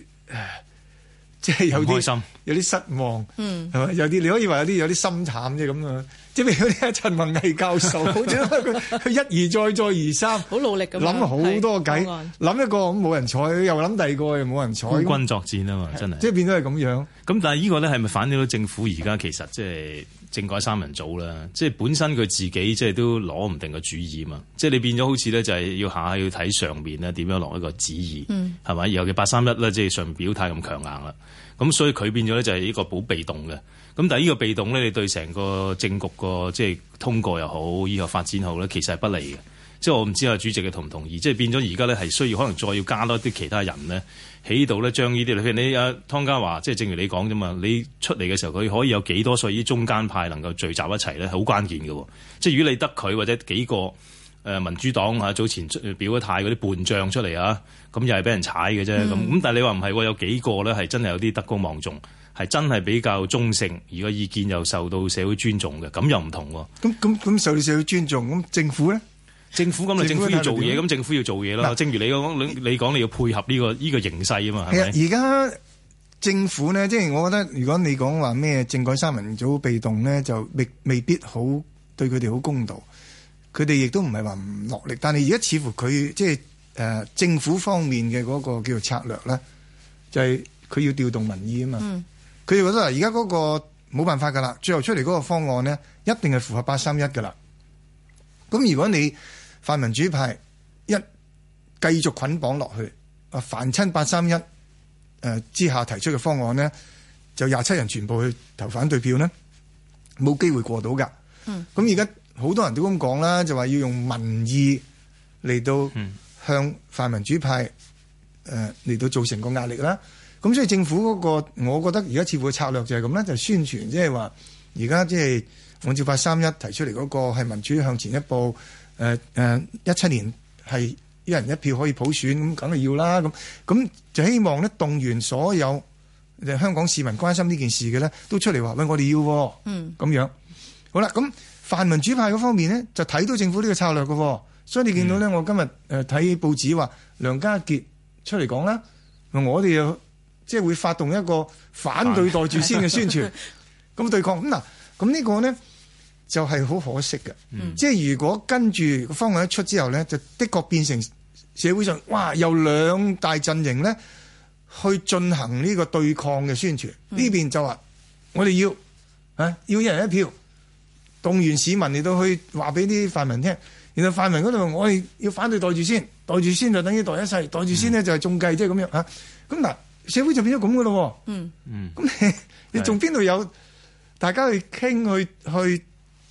即係有啲。有啲失望，係、嗯、有啲你可以話有啲有啲心淡啫咁樣！即係變咗陳弘毅教授，佢 一而再再而三，好努力咁諗好多計，諗一個冇人睬，又諗第二個又冇人睬，孤軍作戰啊嘛！真係，即係變咗係咁樣。咁但係呢個咧係咪反映到政府而家其實即係、就是、政改三人組啦？即、就、係、是、本身佢自己即係都攞唔定個主意嘛。即、就、係、是、你變咗好似咧，就係要下下要睇上面咧點樣落一個旨意，係、嗯、咪？而尤其八三一咧，即係上面表態咁強硬啦。咁、嗯、所以佢變咗咧就係一個好被動嘅，咁但係呢個被動咧，你對成個政局個即係通過又好，以後發展好咧，其實係不利嘅。即係我唔知阿主席嘅同唔同意，即係變咗而家咧係需要可能再要加多啲其他人咧喺度咧，將呢啲，譬如你啊湯家驊，即係正如你講啫嘛，你出嚟嘅時候，佢可以有幾多屬於中間派能夠聚集一齊咧，好關鍵嘅。即係如果你得佢或者幾個。誒民主黨嚇早前表咗態嗰啲叛將出嚟啊，咁又係俾人踩嘅啫。咁、嗯、咁，但係你話唔係喎，有幾個咧係真係有啲德高望重，係真係比較中性，而個意見又受到社會尊重嘅，咁又唔同喎。咁咁咁受到社會尊重，咁政府咧，政府咁啊，政府要做嘢，咁政府要做嘢啦。正如你講，你你講你要配合呢、呢個呢、呢個形勢啊嘛。係而家政府呢，即係我覺得，如果你講話咩政改三民組被動呢，就未未必好對佢哋好公道。佢哋亦都唔係話唔落力，但係而家似乎佢即係誒政府方面嘅嗰個叫做策略咧，就係、是、佢要調動民意啊嘛。佢、嗯、覺得而家嗰個冇辦法噶啦，最後出嚟嗰個方案咧，一定係符合八三一噶啦。咁如果你泛民主派一繼續捆綁落去啊，凡親八三一誒之下提出嘅方案咧，就廿七人全部去投反對票呢，冇機會過到噶。咁而家。好多人都咁講啦，就話要用民意嚟到向泛民主派誒嚟到造成個壓力啦。咁所以政府嗰個，我覺得而家似乎嘅策略就係咁呢，就宣傳即係話而家即係按照八三一提出嚟嗰個係民主向前一步。誒、呃、誒，一、呃、七年係一人一票可以普選，咁梗係要啦。咁咁就希望咧動員所有就香港市民關心呢件事嘅咧，都出嚟話喂，我哋要嗯咁樣。好啦，咁。泛民主派嗰方面咧，就睇到政府呢個策略嘅，所以你見到咧，我今日誒睇報紙話梁家傑出嚟講啦，我哋又即係會發動一個反對代住先嘅宣傳，咁對， 對抗咁。嗱，咁呢個咧就係好可惜嘅，嗯、即係如果跟住個方案一出之後咧，就的確變成社會上哇有兩大陣營咧去進行呢個對抗嘅宣傳，呢、嗯、邊就話我哋要啊要一人一票。動員市民你都去話俾啲泛民聽，然後泛民嗰度我哋要反對待住先，待住先就等於待一世，待住先呢就係中計，即係咁樣嚇。咁、啊、嗱，社會就變咗咁嘅咯。嗯嗯，咁你仲邊度有大家去傾去去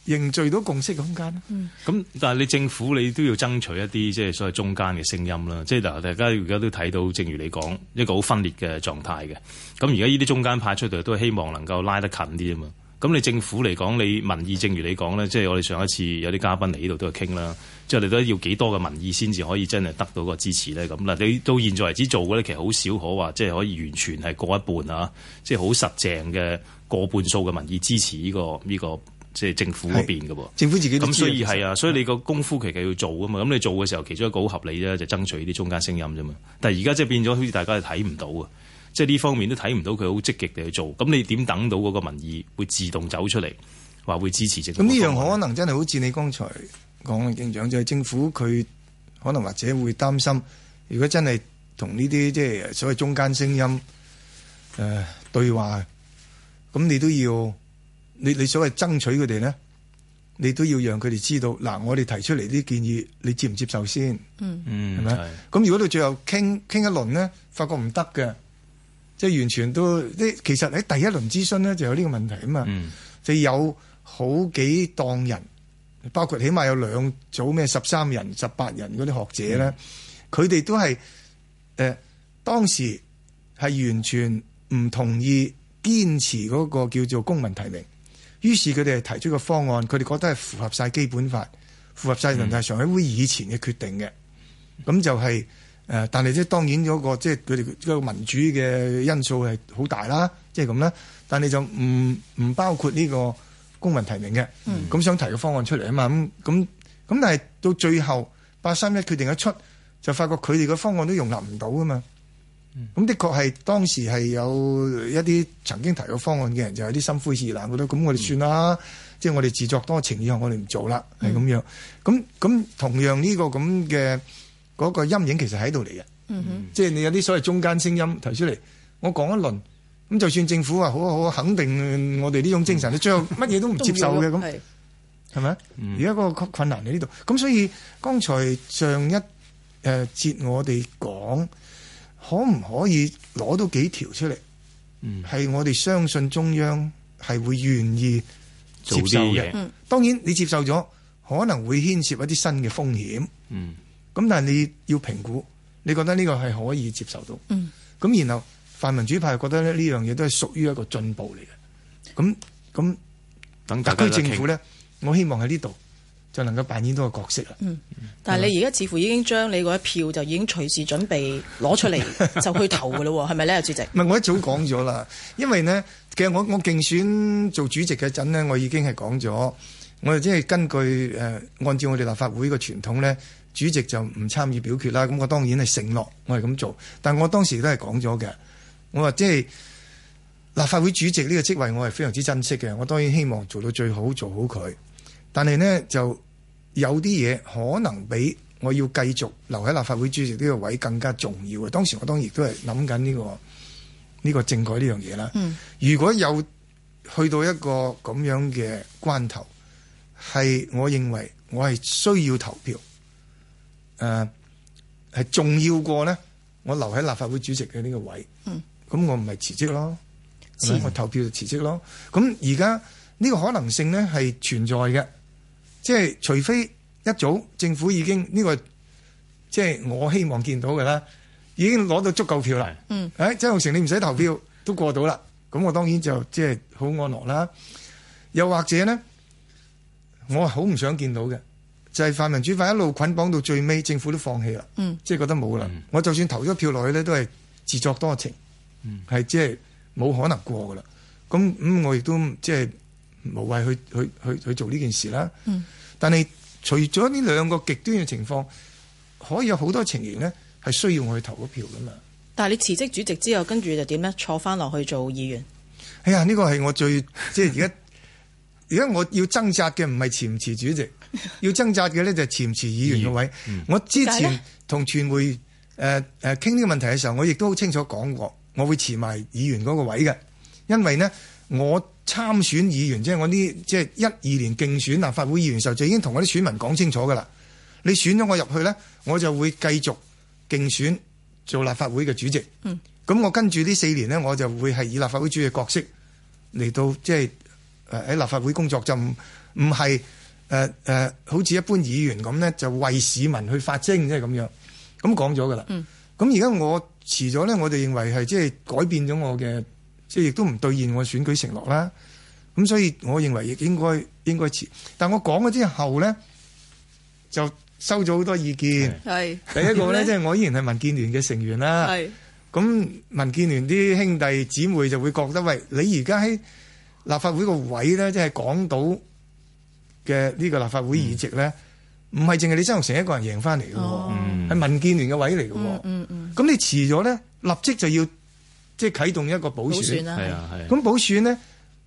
凝聚到共識空間咁、嗯、但係你政府你都要爭取一啲即係所謂中間嘅聲音啦。即係嗱，大家而家都睇到，正如你講一個好分裂嘅狀態嘅。咁而家呢啲中間派出嚟都係希望能夠拉得近啲啊嘛。咁你政府嚟講，你民意正如你講咧，即係我哋上一次有啲嘉賓嚟呢度都係傾啦，即係你都要幾多嘅民意先至可以真係得到嗰個支持咧？咁嗱，你到現在為止做嘅咧，其實好少可話即係可以完全係過一半啊，即係好實淨嘅過半數嘅民意支持呢個呢個即係政府嗰邊嘅噃。政府自己咁所以係啊，所以你個功夫其實要做啊嘛。咁你做嘅時候，其中一個好合理呢，就爭取啲中間聲音啫嘛。但係而家即係變咗，好似大家係睇唔到啊。即係呢方面都睇唔到佢好積極地去做，咁你點等到嗰個民意會自動走出嚟，話會支持政府？咁呢樣可能真係好似你剛才講嘅警長，就係政府佢可能或者會擔心，如果真係同呢啲即係所謂中間聲音誒對話，咁你都要你你所謂爭取佢哋咧，你都要讓佢哋知道嗱，我哋提出嚟啲建議，你接唔接受先？嗯嗯，係咪？咁如果你最後傾傾一輪咧，發覺唔得嘅。即係完全都，即係其實喺第一輪諮詢咧就有呢個問題啊嘛、嗯，就有好幾檔人，包括起碼有兩組咩十三人、十八人嗰啲學者咧，佢、嗯、哋都係誒、呃、當時係完全唔同意堅持嗰個叫做公民提名，於是佢哋係提出一個方案，佢哋覺得係符合晒基本法，符合晒人大常委會以前嘅決定嘅，咁、嗯、就係、是。誒、呃，但係即係當然嗰、那個即係佢哋嗰個民主嘅因素係好大啦，即係咁啦。但係就唔唔包括呢個公民提名嘅，咁、嗯、想提個方案出嚟啊嘛。咁咁咁，但係到最後八三一決定一出，就發覺佢哋嘅方案都容納唔到啊嘛。咁、嗯、的確係當時係有一啲曾經提過方案嘅人，就係、是、啲心灰意冷嗰度。咁我哋算啦，即、嗯、係、就是、我哋自作多情以後我，我哋唔做啦，係咁樣。咁、嗯、咁同樣呢、這個咁嘅。嗰、那個陰影其實喺度嚟嘅，即係你有啲所謂中間聲音提出嚟，我講一輪，咁就算政府話好好肯定我哋呢種精神，你、嗯、最後乜嘢都唔接受嘅咁，係咪？而家個個困難喺呢度，咁所以剛才上一誒節我哋講，可唔可以攞到幾條出嚟？嗯，係我哋相信中央係會願意接受嘅。當、嗯、當然你接受咗，可能會牽涉一啲新嘅風險。嗯。咁但係你要評估，你覺得呢個係可以接受到？嗯。咁然後，泛民主派覺得呢樣嘢都係屬於一個進步嚟嘅。咁咁，特區政府咧、嗯，我希望喺呢度就能夠扮演多個角色啦、嗯。嗯，但係你而家似乎已經將你嗰一票就已經隨時準備攞出嚟就去投㗎咯，係咪咧，主席？唔係，我一早講咗啦，因為呢，其實我我競選做主席嘅陣呢，我已經係講咗，我即係根據誒、呃，按照我哋立法會嘅傳統咧。主席就唔參與表決啦。咁我當然係承諾，我係咁做。但我當時都係講咗嘅，我話即係立法會主席呢個職位，我係非常之珍惜嘅。我當然希望做到最好，做好佢。但係咧，就有啲嘢可能比我要繼續留喺立法會主席呢個位更加重要嘅。當時我當然都係諗緊呢個呢個政改呢樣嘢啦。嗯，如果有去到一個咁樣嘅關頭，係我認為我係需要投票。誒、呃，係重要過咧，我留喺立法會主席嘅呢個位，咁、嗯、我唔係辭職咯，我投票就辭職咯。咁而家呢個可能性咧係存在嘅，即係除非一早政府已經呢、這個，即係我希望見到嘅啦，已經攞到足夠票啦。嗯，誒、哎，曾鈺成你唔使投票都過到啦，咁我當然就即係好安樂啦。又或者咧，我好唔想見到嘅。就係、是、泛民主派一路捆綁到最尾，政府都放棄啦，即、嗯、係、就是、覺得冇啦。我就算投咗票落去咧，都係自作多情，係即係冇可能過噶啦。咁咁、嗯，我亦都即係無謂去去去去做呢件事啦、嗯。但係除咗呢兩個極端嘅情況，可以有好多情形咧，係需要我去投一票噶嘛。但係你辭職主席之後，跟住就點咧？坐翻落去做議員？哎呀，呢、這個係我最即係而家，而 家我要掙扎嘅唔係辭唔辭主席。 要掙扎嘅咧就係辭唔辭議員個位置、嗯嗯。我之前同傳媒誒誒傾呢個、呃、問題嘅時候，我亦都好清楚講過，我會辭埋議員嗰個位嘅。因為呢，我參選議員，即、就、係、是、我呢即係一,一二年競選立法會議員的時候，就已經同我啲選民講清楚噶啦。你選咗我入去呢，我就會繼續競選做立法會嘅主席。咁、嗯、我跟住呢四年呢，我就會係以立法會主席的角色嚟到即係誒喺立法會工作，就唔唔係。誒、呃、誒、呃，好似一般議員咁咧，就為市民去發聲，即係咁樣。咁講咗噶啦。咁而家我辭咗咧，我哋認為係即係改變咗我嘅，即係亦都唔兌現我選舉承諾啦。咁所以，我認為亦應該應該辭。但我講咗之後咧，就收咗好多意見。係。第一個咧，即係、就是、我依然係民建聯嘅成員啦。係。咁民建聯啲兄弟姊妹就會覺得，喂，你而家喺立法會個位咧，即係講到。嘅呢個立法會議席咧，唔係淨係你曾鈺成一個人贏翻嚟嘅，係、哦、民建聯嘅位嚟嘅。咁、嗯嗯嗯、你辭咗咧，立即就要即係、就是、啟動一個補選。係啊咁、啊啊、補選呢，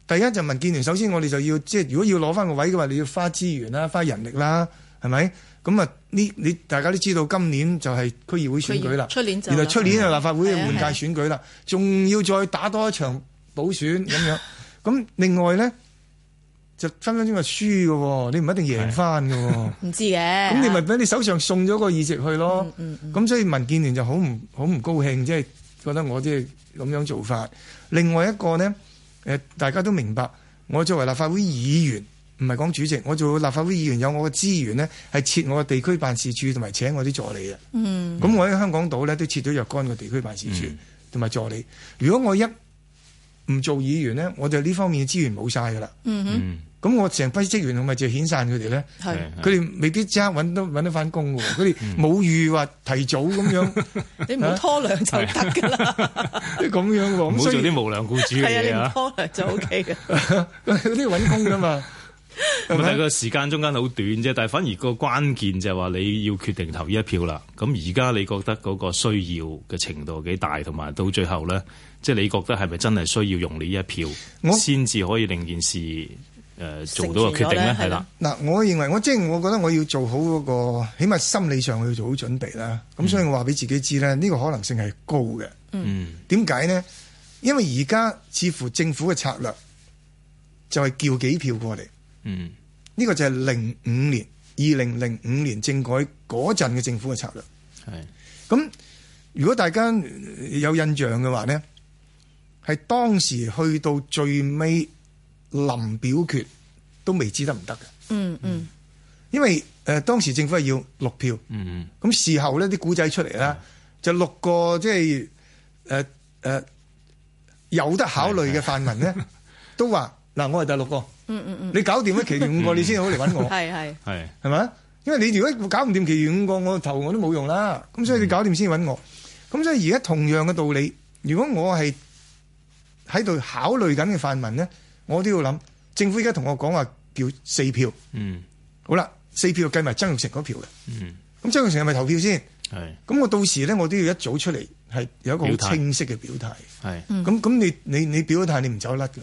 第一就民建聯，首先我哋就要即係如果要攞翻個位嘅話，你要花資源啦，花人力啦，係咪？咁啊，呢你大家都知道，今年就係區議會選舉啦。出年就，原來出年就立法會換屆選舉啦，仲、啊啊、要再打多一場補選咁樣。咁另外咧。 就分分鐘就輸嘅，你唔一定贏返喎。唔 知嘅。咁你咪俾你手上送咗個議席去咯。咁、嗯嗯、所以民建聯就好唔好唔高興，即、就、係、是、覺得我即係咁樣做法。另外一個呢、呃，大家都明白，我作為立法會議員，唔係講主席，我做立法會議員有我嘅資源呢，係設我嘅地區辦事處同埋請我啲助理啊。咁、嗯、我喺香港島呢，都設咗若干個地區辦事處同埋助理、嗯。如果我一唔做議員呢，我就呢方面嘅資源冇晒噶啦。嗯嗯咁我成批職員係咪就遣散佢哋咧？係佢哋未必即刻搵得搵得翻工喎。佢哋冇預話提早咁樣、嗯啊，你唔好拖糧就得噶啦。咁 樣，唔好做啲無良僱主、啊、你唔拖糧就 O K 嘅。嗰啲搵工噶嘛，但係個時間中間好短啫。但係反而個關鍵就係話你要決定投呢一票啦。咁而家你覺得嗰個需要嘅程度幾大，同埋到最後咧，即、就、係、是、你覺得係咪真係需要用你呢一票先至可以令件事？誒、呃，做到個決定咧，係啦。嗱，我認為我即係我覺得我要做好嗰個，起碼心理上我要做好準備啦。咁、嗯、所以我話俾自己知咧，呢、這個可能性係高嘅。嗯，點解呢？因為而家似乎政府嘅策略就係叫幾票過嚟。嗯，呢、這個就係零五年，二零零五年政改嗰陣嘅政府嘅策略。係、嗯。咁如果大家有印象嘅話呢，係當時去到最尾。臨表決都未知得唔得嘅，嗯嗯，因為誒、呃、當時政府係要六票，嗯嗯，咁事後呢啲古仔出嚟啦，嗯、就六個即係誒誒有得考慮嘅泛民咧，是是是都話嗱我係第六個，嗯嗯嗯，你搞掂咗其餘五個你先好嚟揾我，係系系係咪？因為你如果搞唔掂其餘五個，我投我都冇用啦，咁所以你搞掂先揾我，咁、嗯、所以而家同樣嘅道理，如果我係喺度考慮緊嘅泛民咧。嗯我都要諗，政府而家同我講，話叫四票。嗯，好啦，四票計埋曾鈺成嗰票嘅。嗯，咁曾鈺成係咪投票先？係。咁我到時咧，我都要一早出嚟，係有一個好清晰嘅表態。係。咁咁、嗯，你你你表咗態，你唔走甩嘅。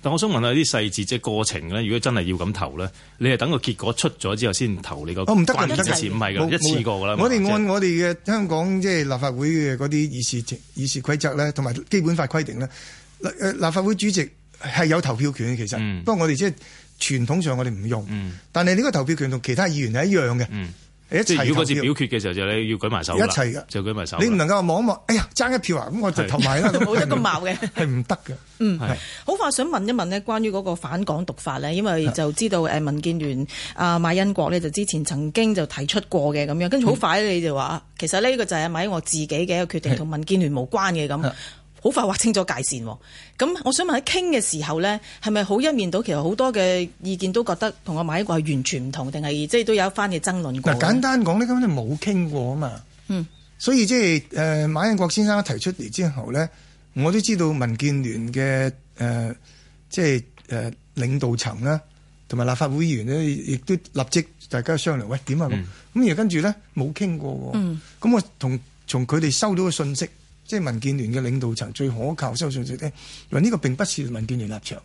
但我想問一下啲細節，即係過程咧，如果真係要咁投咧，你係等個結果出咗之後先投你個。我唔得嘅，唔得嘅，唔、就、係、是、一次過噶啦。我哋按、就是、我哋嘅香港即係立法會嘅嗰啲議事程、議事規則咧，同埋基本法規定咧，立立法會主席。係有投票權嘅，其、嗯、實，不過我哋即係傳統上我哋唔用，嗯、但係呢個投票權同其他議員係一樣嘅，即、嗯、係如果要表決嘅時候就你要舉埋手，一齊嘅就舉埋手。你唔能夠望一望，哎呀，爭一票啊，咁我就投埋啦。冇得咁矛嘅，係唔得嘅。嗯，好快想問一問咧，關於嗰個反港獨法呢，因為就知道誒民建聯阿馬恩國呢就之前曾經就提出過嘅咁樣，跟住好快你就話、嗯，其實咧呢個就係馬恩國自己嘅一個決定，同民建聯無關嘅咁。好快劃清咗界線喎！咁我想問喺傾嘅時候咧，係咪好一面倒？其實好多嘅意見都覺得同阿馬興國係完全唔同，定係即係都有一番嘅爭論過？嗱，簡單講呢，根本就冇傾過啊嘛。嗯，所以即係誒馬興國先生提出嚟之後咧，我都知道民建聯嘅誒即係誒領導層啦，同埋立法會議員咧，亦都立即大家商量喂點啊咁。咁而跟住咧冇傾過喎。嗯，咁、嗯、我同從佢哋收到嘅信息。即係民建聯嘅領導層最可靠收信息，咧因為呢個並不是民建聯立場，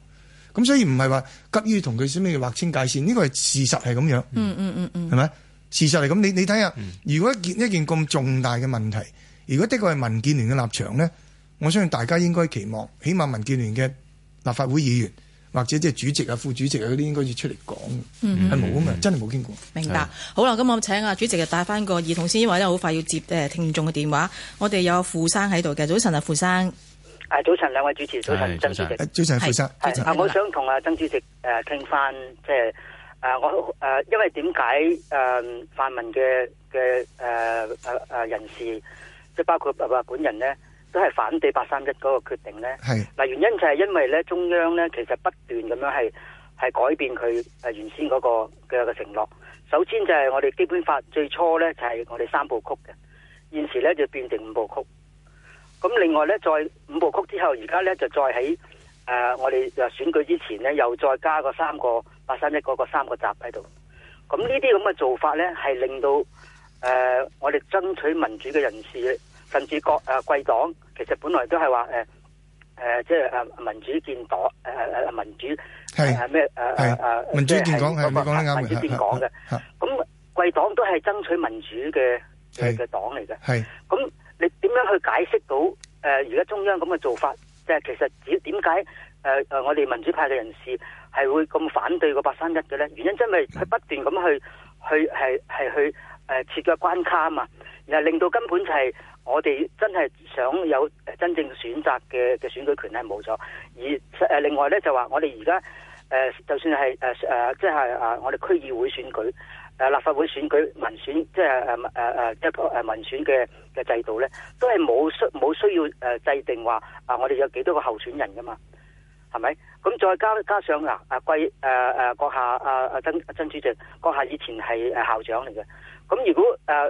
咁所以唔係話急於同佢先咩劃清界線，呢個係事實係咁樣，嗯嗯嗯嗯，係咪？事實係咁，你你睇下，如果一件一件咁重大嘅問題，如果的確係民建聯嘅立場咧，我相信大家應該期望，起碼民建聯嘅立法會議員。或者即係主席啊、副主席啊嗰啲應該要出嚟講，係冇啊嘛，真係冇經過。明白，好啦，咁我請啊主席帶翻個兒童先，因為咧好快要接誒聽眾嘅電話。我哋有傅生喺度嘅，早晨啊傅生。誒早晨兩位主持，早晨曾主席，早晨，早晨傅生，我想同阿曾主席誒傾翻，即係啊我誒，因為點解誒泛民嘅嘅誒誒誒人士，即包括伯伯本人咧？都係反對八三一嗰個決定咧，嗱，原因就係因為咧中央咧其實不斷咁樣係係改變佢誒原先嗰、那個嘅個承諾。首先就係我哋基本法最初咧就係、是、我哋三部曲嘅，現時咧就變成五部曲。咁另外咧再五部曲之後，而家咧就再喺誒、呃、我哋誒選舉之前咧又再加個三個八三一嗰個三個集喺度。咁呢啲咁嘅做法咧係令到誒、呃、我哋爭取民主嘅人士。甚至各啊貴黨，其實本來都係話誒誒，即係誒民主建港誒誒民主係咩誒誒民主建港係、呃、民主建港嘅，咁貴黨都係爭取民主嘅嘅黨嚟嘅。係、呃、咁，你點樣去解釋到誒？而、呃、家中央咁嘅做法，即、就、係、是、其實點點解誒誒，我哋民主派嘅人士係會咁反對個八三一嘅咧？原因真係佢不斷咁去、嗯、去係係去誒設咗關卡啊嘛，然後令到根本就係、是。我哋真係想有真正選擇嘅嘅選舉權係冇咗。而另外咧，就話我哋而家就算係即係我哋區議會選舉、立法會選舉、民選，即係一個民選嘅嘅制度咧，都係冇需冇需要制定話啊，我哋有幾多個候選人噶嘛？係咪？咁再加加上嗱，啊，貴、誒誒閣下啊曾曾主席閣下，以前係校長嚟嘅。咁如果誒誒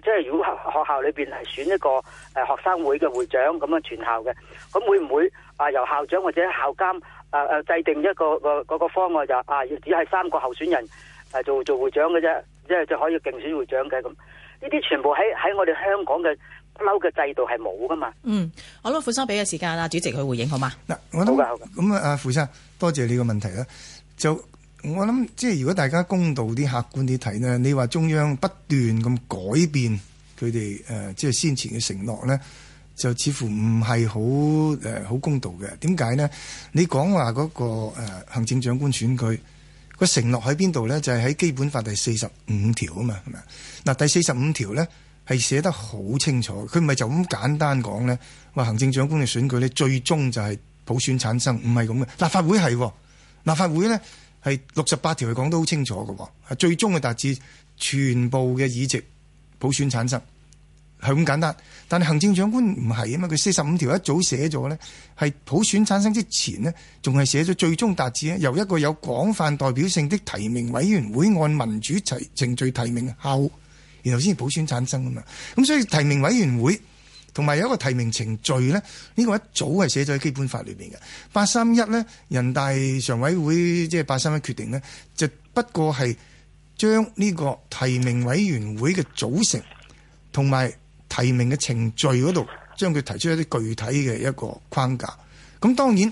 即係如果學校裏面係選一個誒學生會嘅會長咁樣全校嘅，咁會唔會啊由校長或者校監誒、啊、制定一個一個一個方案就啊只要只係三個候選人誒做做會長嘅啫，即係就可以競選會長嘅咁？呢啲全部喺喺我哋香港嘅嬲嘅制度係冇噶嘛？嗯，好啦傅生俾嘅時間啦，主席去回應好嘛？嗱，我都好嘅，咁啊，傅生多謝你嘅問題啦，就。我諗，即係如果大家公道啲、客觀啲睇呢，你話中央不斷咁改變佢哋誒，即係先前嘅承諾呢，就似乎唔係好誒，好、呃、公道嘅。點解呢？你講話嗰個誒、呃、行政長官選舉、個承諾喺邊度呢？就係、是、喺基本法第四十五條啊嘛，係咪啊？嗱，第四十五條呢，係寫得好清楚，佢唔係就咁簡單講呢：「話行政長官嘅選舉呢，最終就係普選產生，唔係咁嘅。」立法會係、哦，立法會呢。係六十八條嚟，講得好清楚嘅，係最終嘅達至全部嘅議席普選產生，係咁簡單。但係行政長官唔係啊嘛，佢四十五條一早寫咗呢，係普選產生之前呢，仲係寫咗最終達至咧，由一個有廣泛代表性的提名委員會按民主齊程序提名後，然後先係普選產生啊嘛。咁所以提名委員會。同埋有一個提名程序咧，呢個一早係寫咗喺基本法裏面嘅。八三一呢，人大常委會即係八三一決定呢，就不過係將呢個提名委員會嘅組成同埋提名嘅程序嗰度，將佢提出一啲具體嘅一個框架。咁當然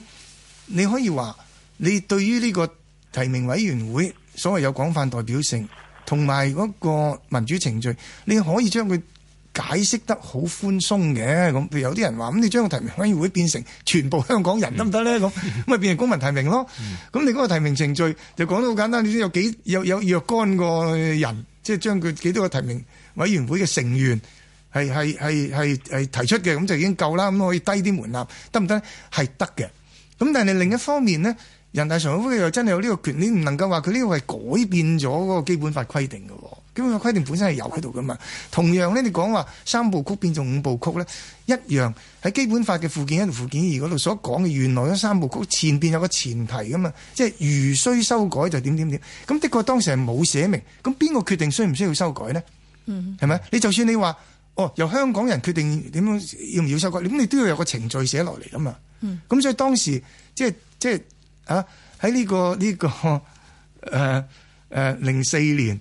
你可以話，你對於呢個提名委員會所謂有廣泛代表性同埋嗰個民主程序，你可以將佢解釋得好寬鬆嘅，咁有啲人話，咁你將個提名委員會變成全部香港人得唔得咧？咁咁咪變成公民提名咯。咁、嗯、你嗰個提名程序就講得好簡單，你知有幾有有，有若干個人，即、就、係、是、將佢幾多個提名委員會嘅成員係係係提出嘅，咁就已經夠啦。咁可以低啲門檻得唔得？係得嘅。咁但係另一方面呢，人大常委會又真係有呢個權，你唔能夠話佢呢個係改變咗個個基本法規定喎。基本法規定本身係有喺度噶嘛。同樣咧，你講話三部曲變做五部曲咧，一樣喺基本法嘅附件一、附件二嗰度所講嘅原來嗰三部曲前邊有個前提噶嘛，即係如需修改就點點點咁。的確當時係冇寫明咁邊個決定需唔需要修改呢？嗯，係咪？你就算你話哦，由香港人決定點樣要唔要修改，咁你都要有個程序寫落嚟噶嘛。嗯，咁所以當時即係即係啊喺呢個呢個誒誒零四年。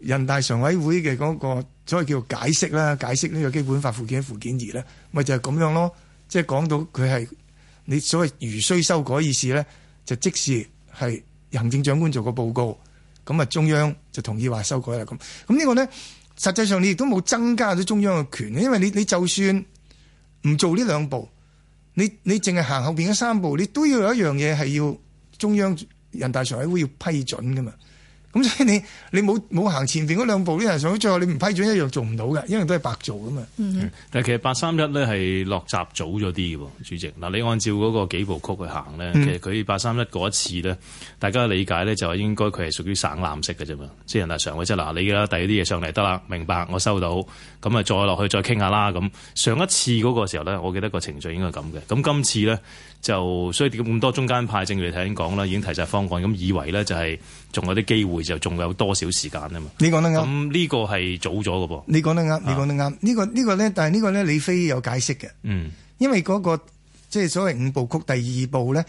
人大常委會嘅嗰個所謂叫解釋啦，解釋呢個基本法附件一、附件二咧，咪就係咁樣咯。即係講到佢係你所謂如需修改意思咧，就即使係行政長官做個報告，咁啊中央就同意話修改啦。咁咁呢個咧，實際上你亦都冇增加咗中央嘅權，因為你你就算唔做呢兩步，你你淨係行後邊三步，你都要有一樣嘢係要中央人大常委會要批准噶嘛。咁所以你你冇冇行前邊嗰兩步呢，上到最後你唔批准一樣做唔到㗎，因為都係白做噶嘛、mm -hmm. 嗯。但其實八三一咧係落閘早咗啲嘅喎，主席。嗱、啊、你按照嗰個幾步曲去行咧，其實佢八三一嗰一次咧，大家理解咧就應應該佢係屬於省覽式㗎啫嘛。即、就、係、是、人大常委即係嗱，你啦，第二啲嘢上嚟得啦，明白我收到，咁啊再落去再傾下啦。咁上一次嗰個時候咧，我記得個程序應該係咁嘅。咁今次咧。就所以咁多中間派，政如嚟睇先講啦，已經提晒方案，咁以為咧就係仲有啲機會，就仲有多少時間啊嘛？你講得啱。咁呢個係早咗嘅噃。你講得啱，你講得啱。呢、啊呢個呢、呢個咧，但係呢、呢個咧，李飛有解釋嘅。嗯。因為嗰、嗰個即係、即係、所謂五部曲第二步咧，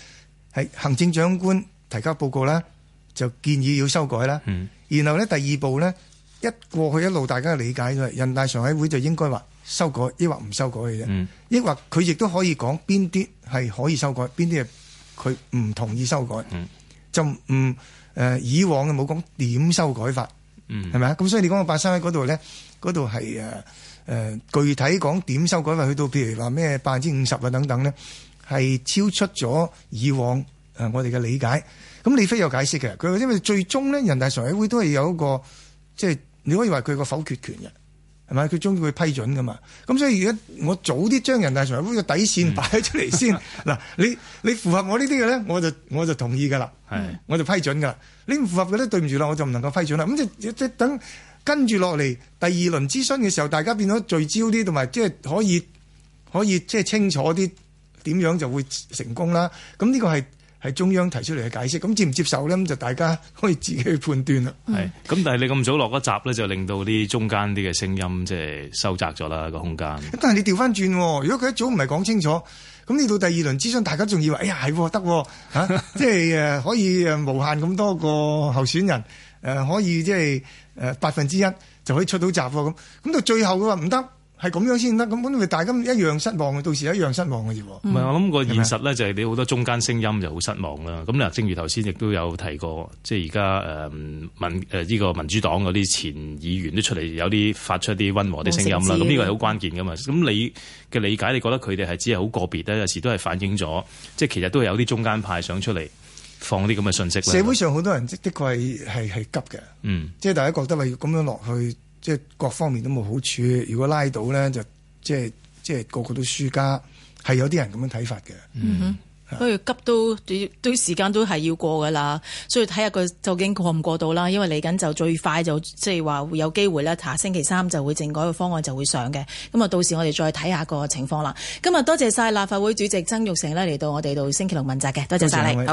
係行政長官提交報告啦，就建議要修改啦。嗯。然後咧第二步咧，一過去一路，大家理解就人大常委會就應該話。修改，抑或唔修改嘅啫，抑、嗯、或佢亦都可以講邊啲係可以修改，邊啲係佢唔同意修改，嗯、就唔、誒、呃、以往嘅冇講點修改法，係咪啊？咁所以你講個八三一喺嗰度咧，嗰度係誒誒具體講點修改法，去到譬如話咩百分之五十啊等等咧，係超出咗以往、誒、呃、我哋嘅理解。咁李飛有解釋嘅，佢因為最終咧，人大常委會都係有一個，即、就、係、是、你可以話佢個否決權嘅。係咪？佢中意會批准噶嘛？咁所以而家我早啲將人大常委嘅底線擺咗出嚟先。嗱， 你你符合我呢啲嘅咧，我就我就同意噶啦，我就批准噶啦。你唔符合嘅呢，對唔住啦，我就唔能夠批准啦。咁即即等跟住落嚟第二輪諮詢嘅時候，大家變咗聚焦啲，同埋即係可以可以即係清楚啲點樣就會成功啦。咁呢個係。係中央提出嚟嘅解釋，咁接唔接受咧？咁就大家可以自己去判斷啦。係咁，但係你咁早落一閘咧，就令到啲中間啲嘅聲音即係、就是、收窄咗啦、那個空間。但係你調翻轉，如果佢一早唔係講清楚，咁你到第二輪諮詢，大家仲以為哎呀係得嚇，即係誒可以誒、啊 啊就是、無限咁多個候選人誒，可以即係誒百分之一就可以出到閘咁咁，到最後嘅話唔得。係咁樣先得，咁咁咪大家一樣失望，到時一樣失望嘅啫。唔、嗯、係，我諗個現實咧，就係你好多中間聲音就好失望啦。咁嗱，正如頭先亦都有提過，即係而家誒民呢個民主黨嗰啲前議員都出嚟，有啲發出啲溫和啲聲音啦。咁呢個係好關鍵㗎嘛。咁、嗯、你嘅理解，你覺得佢哋係只係好個別咧？有時都係反映咗，即係其實都係有啲中間派想出嚟放啲咁嘅信息。社會上好多人的確係係急嘅，嗯，即係大家覺得話要咁樣落去。即係各方面都冇好處，如果拉到咧，就即係即係個個都輸家，係有啲人咁樣睇法嘅。嗯哼，不過急都啲都時間都係要過噶啦，所以睇下佢究竟過唔過到啦。因為嚟緊就最快就即係話會有機會咧，下星期三就會政改個方案就會上嘅。咁啊，到時我哋再睇下個情況啦。今日多謝晒立法會主席曾鈺成呢嚟到我哋度星期六問責嘅，多謝晒。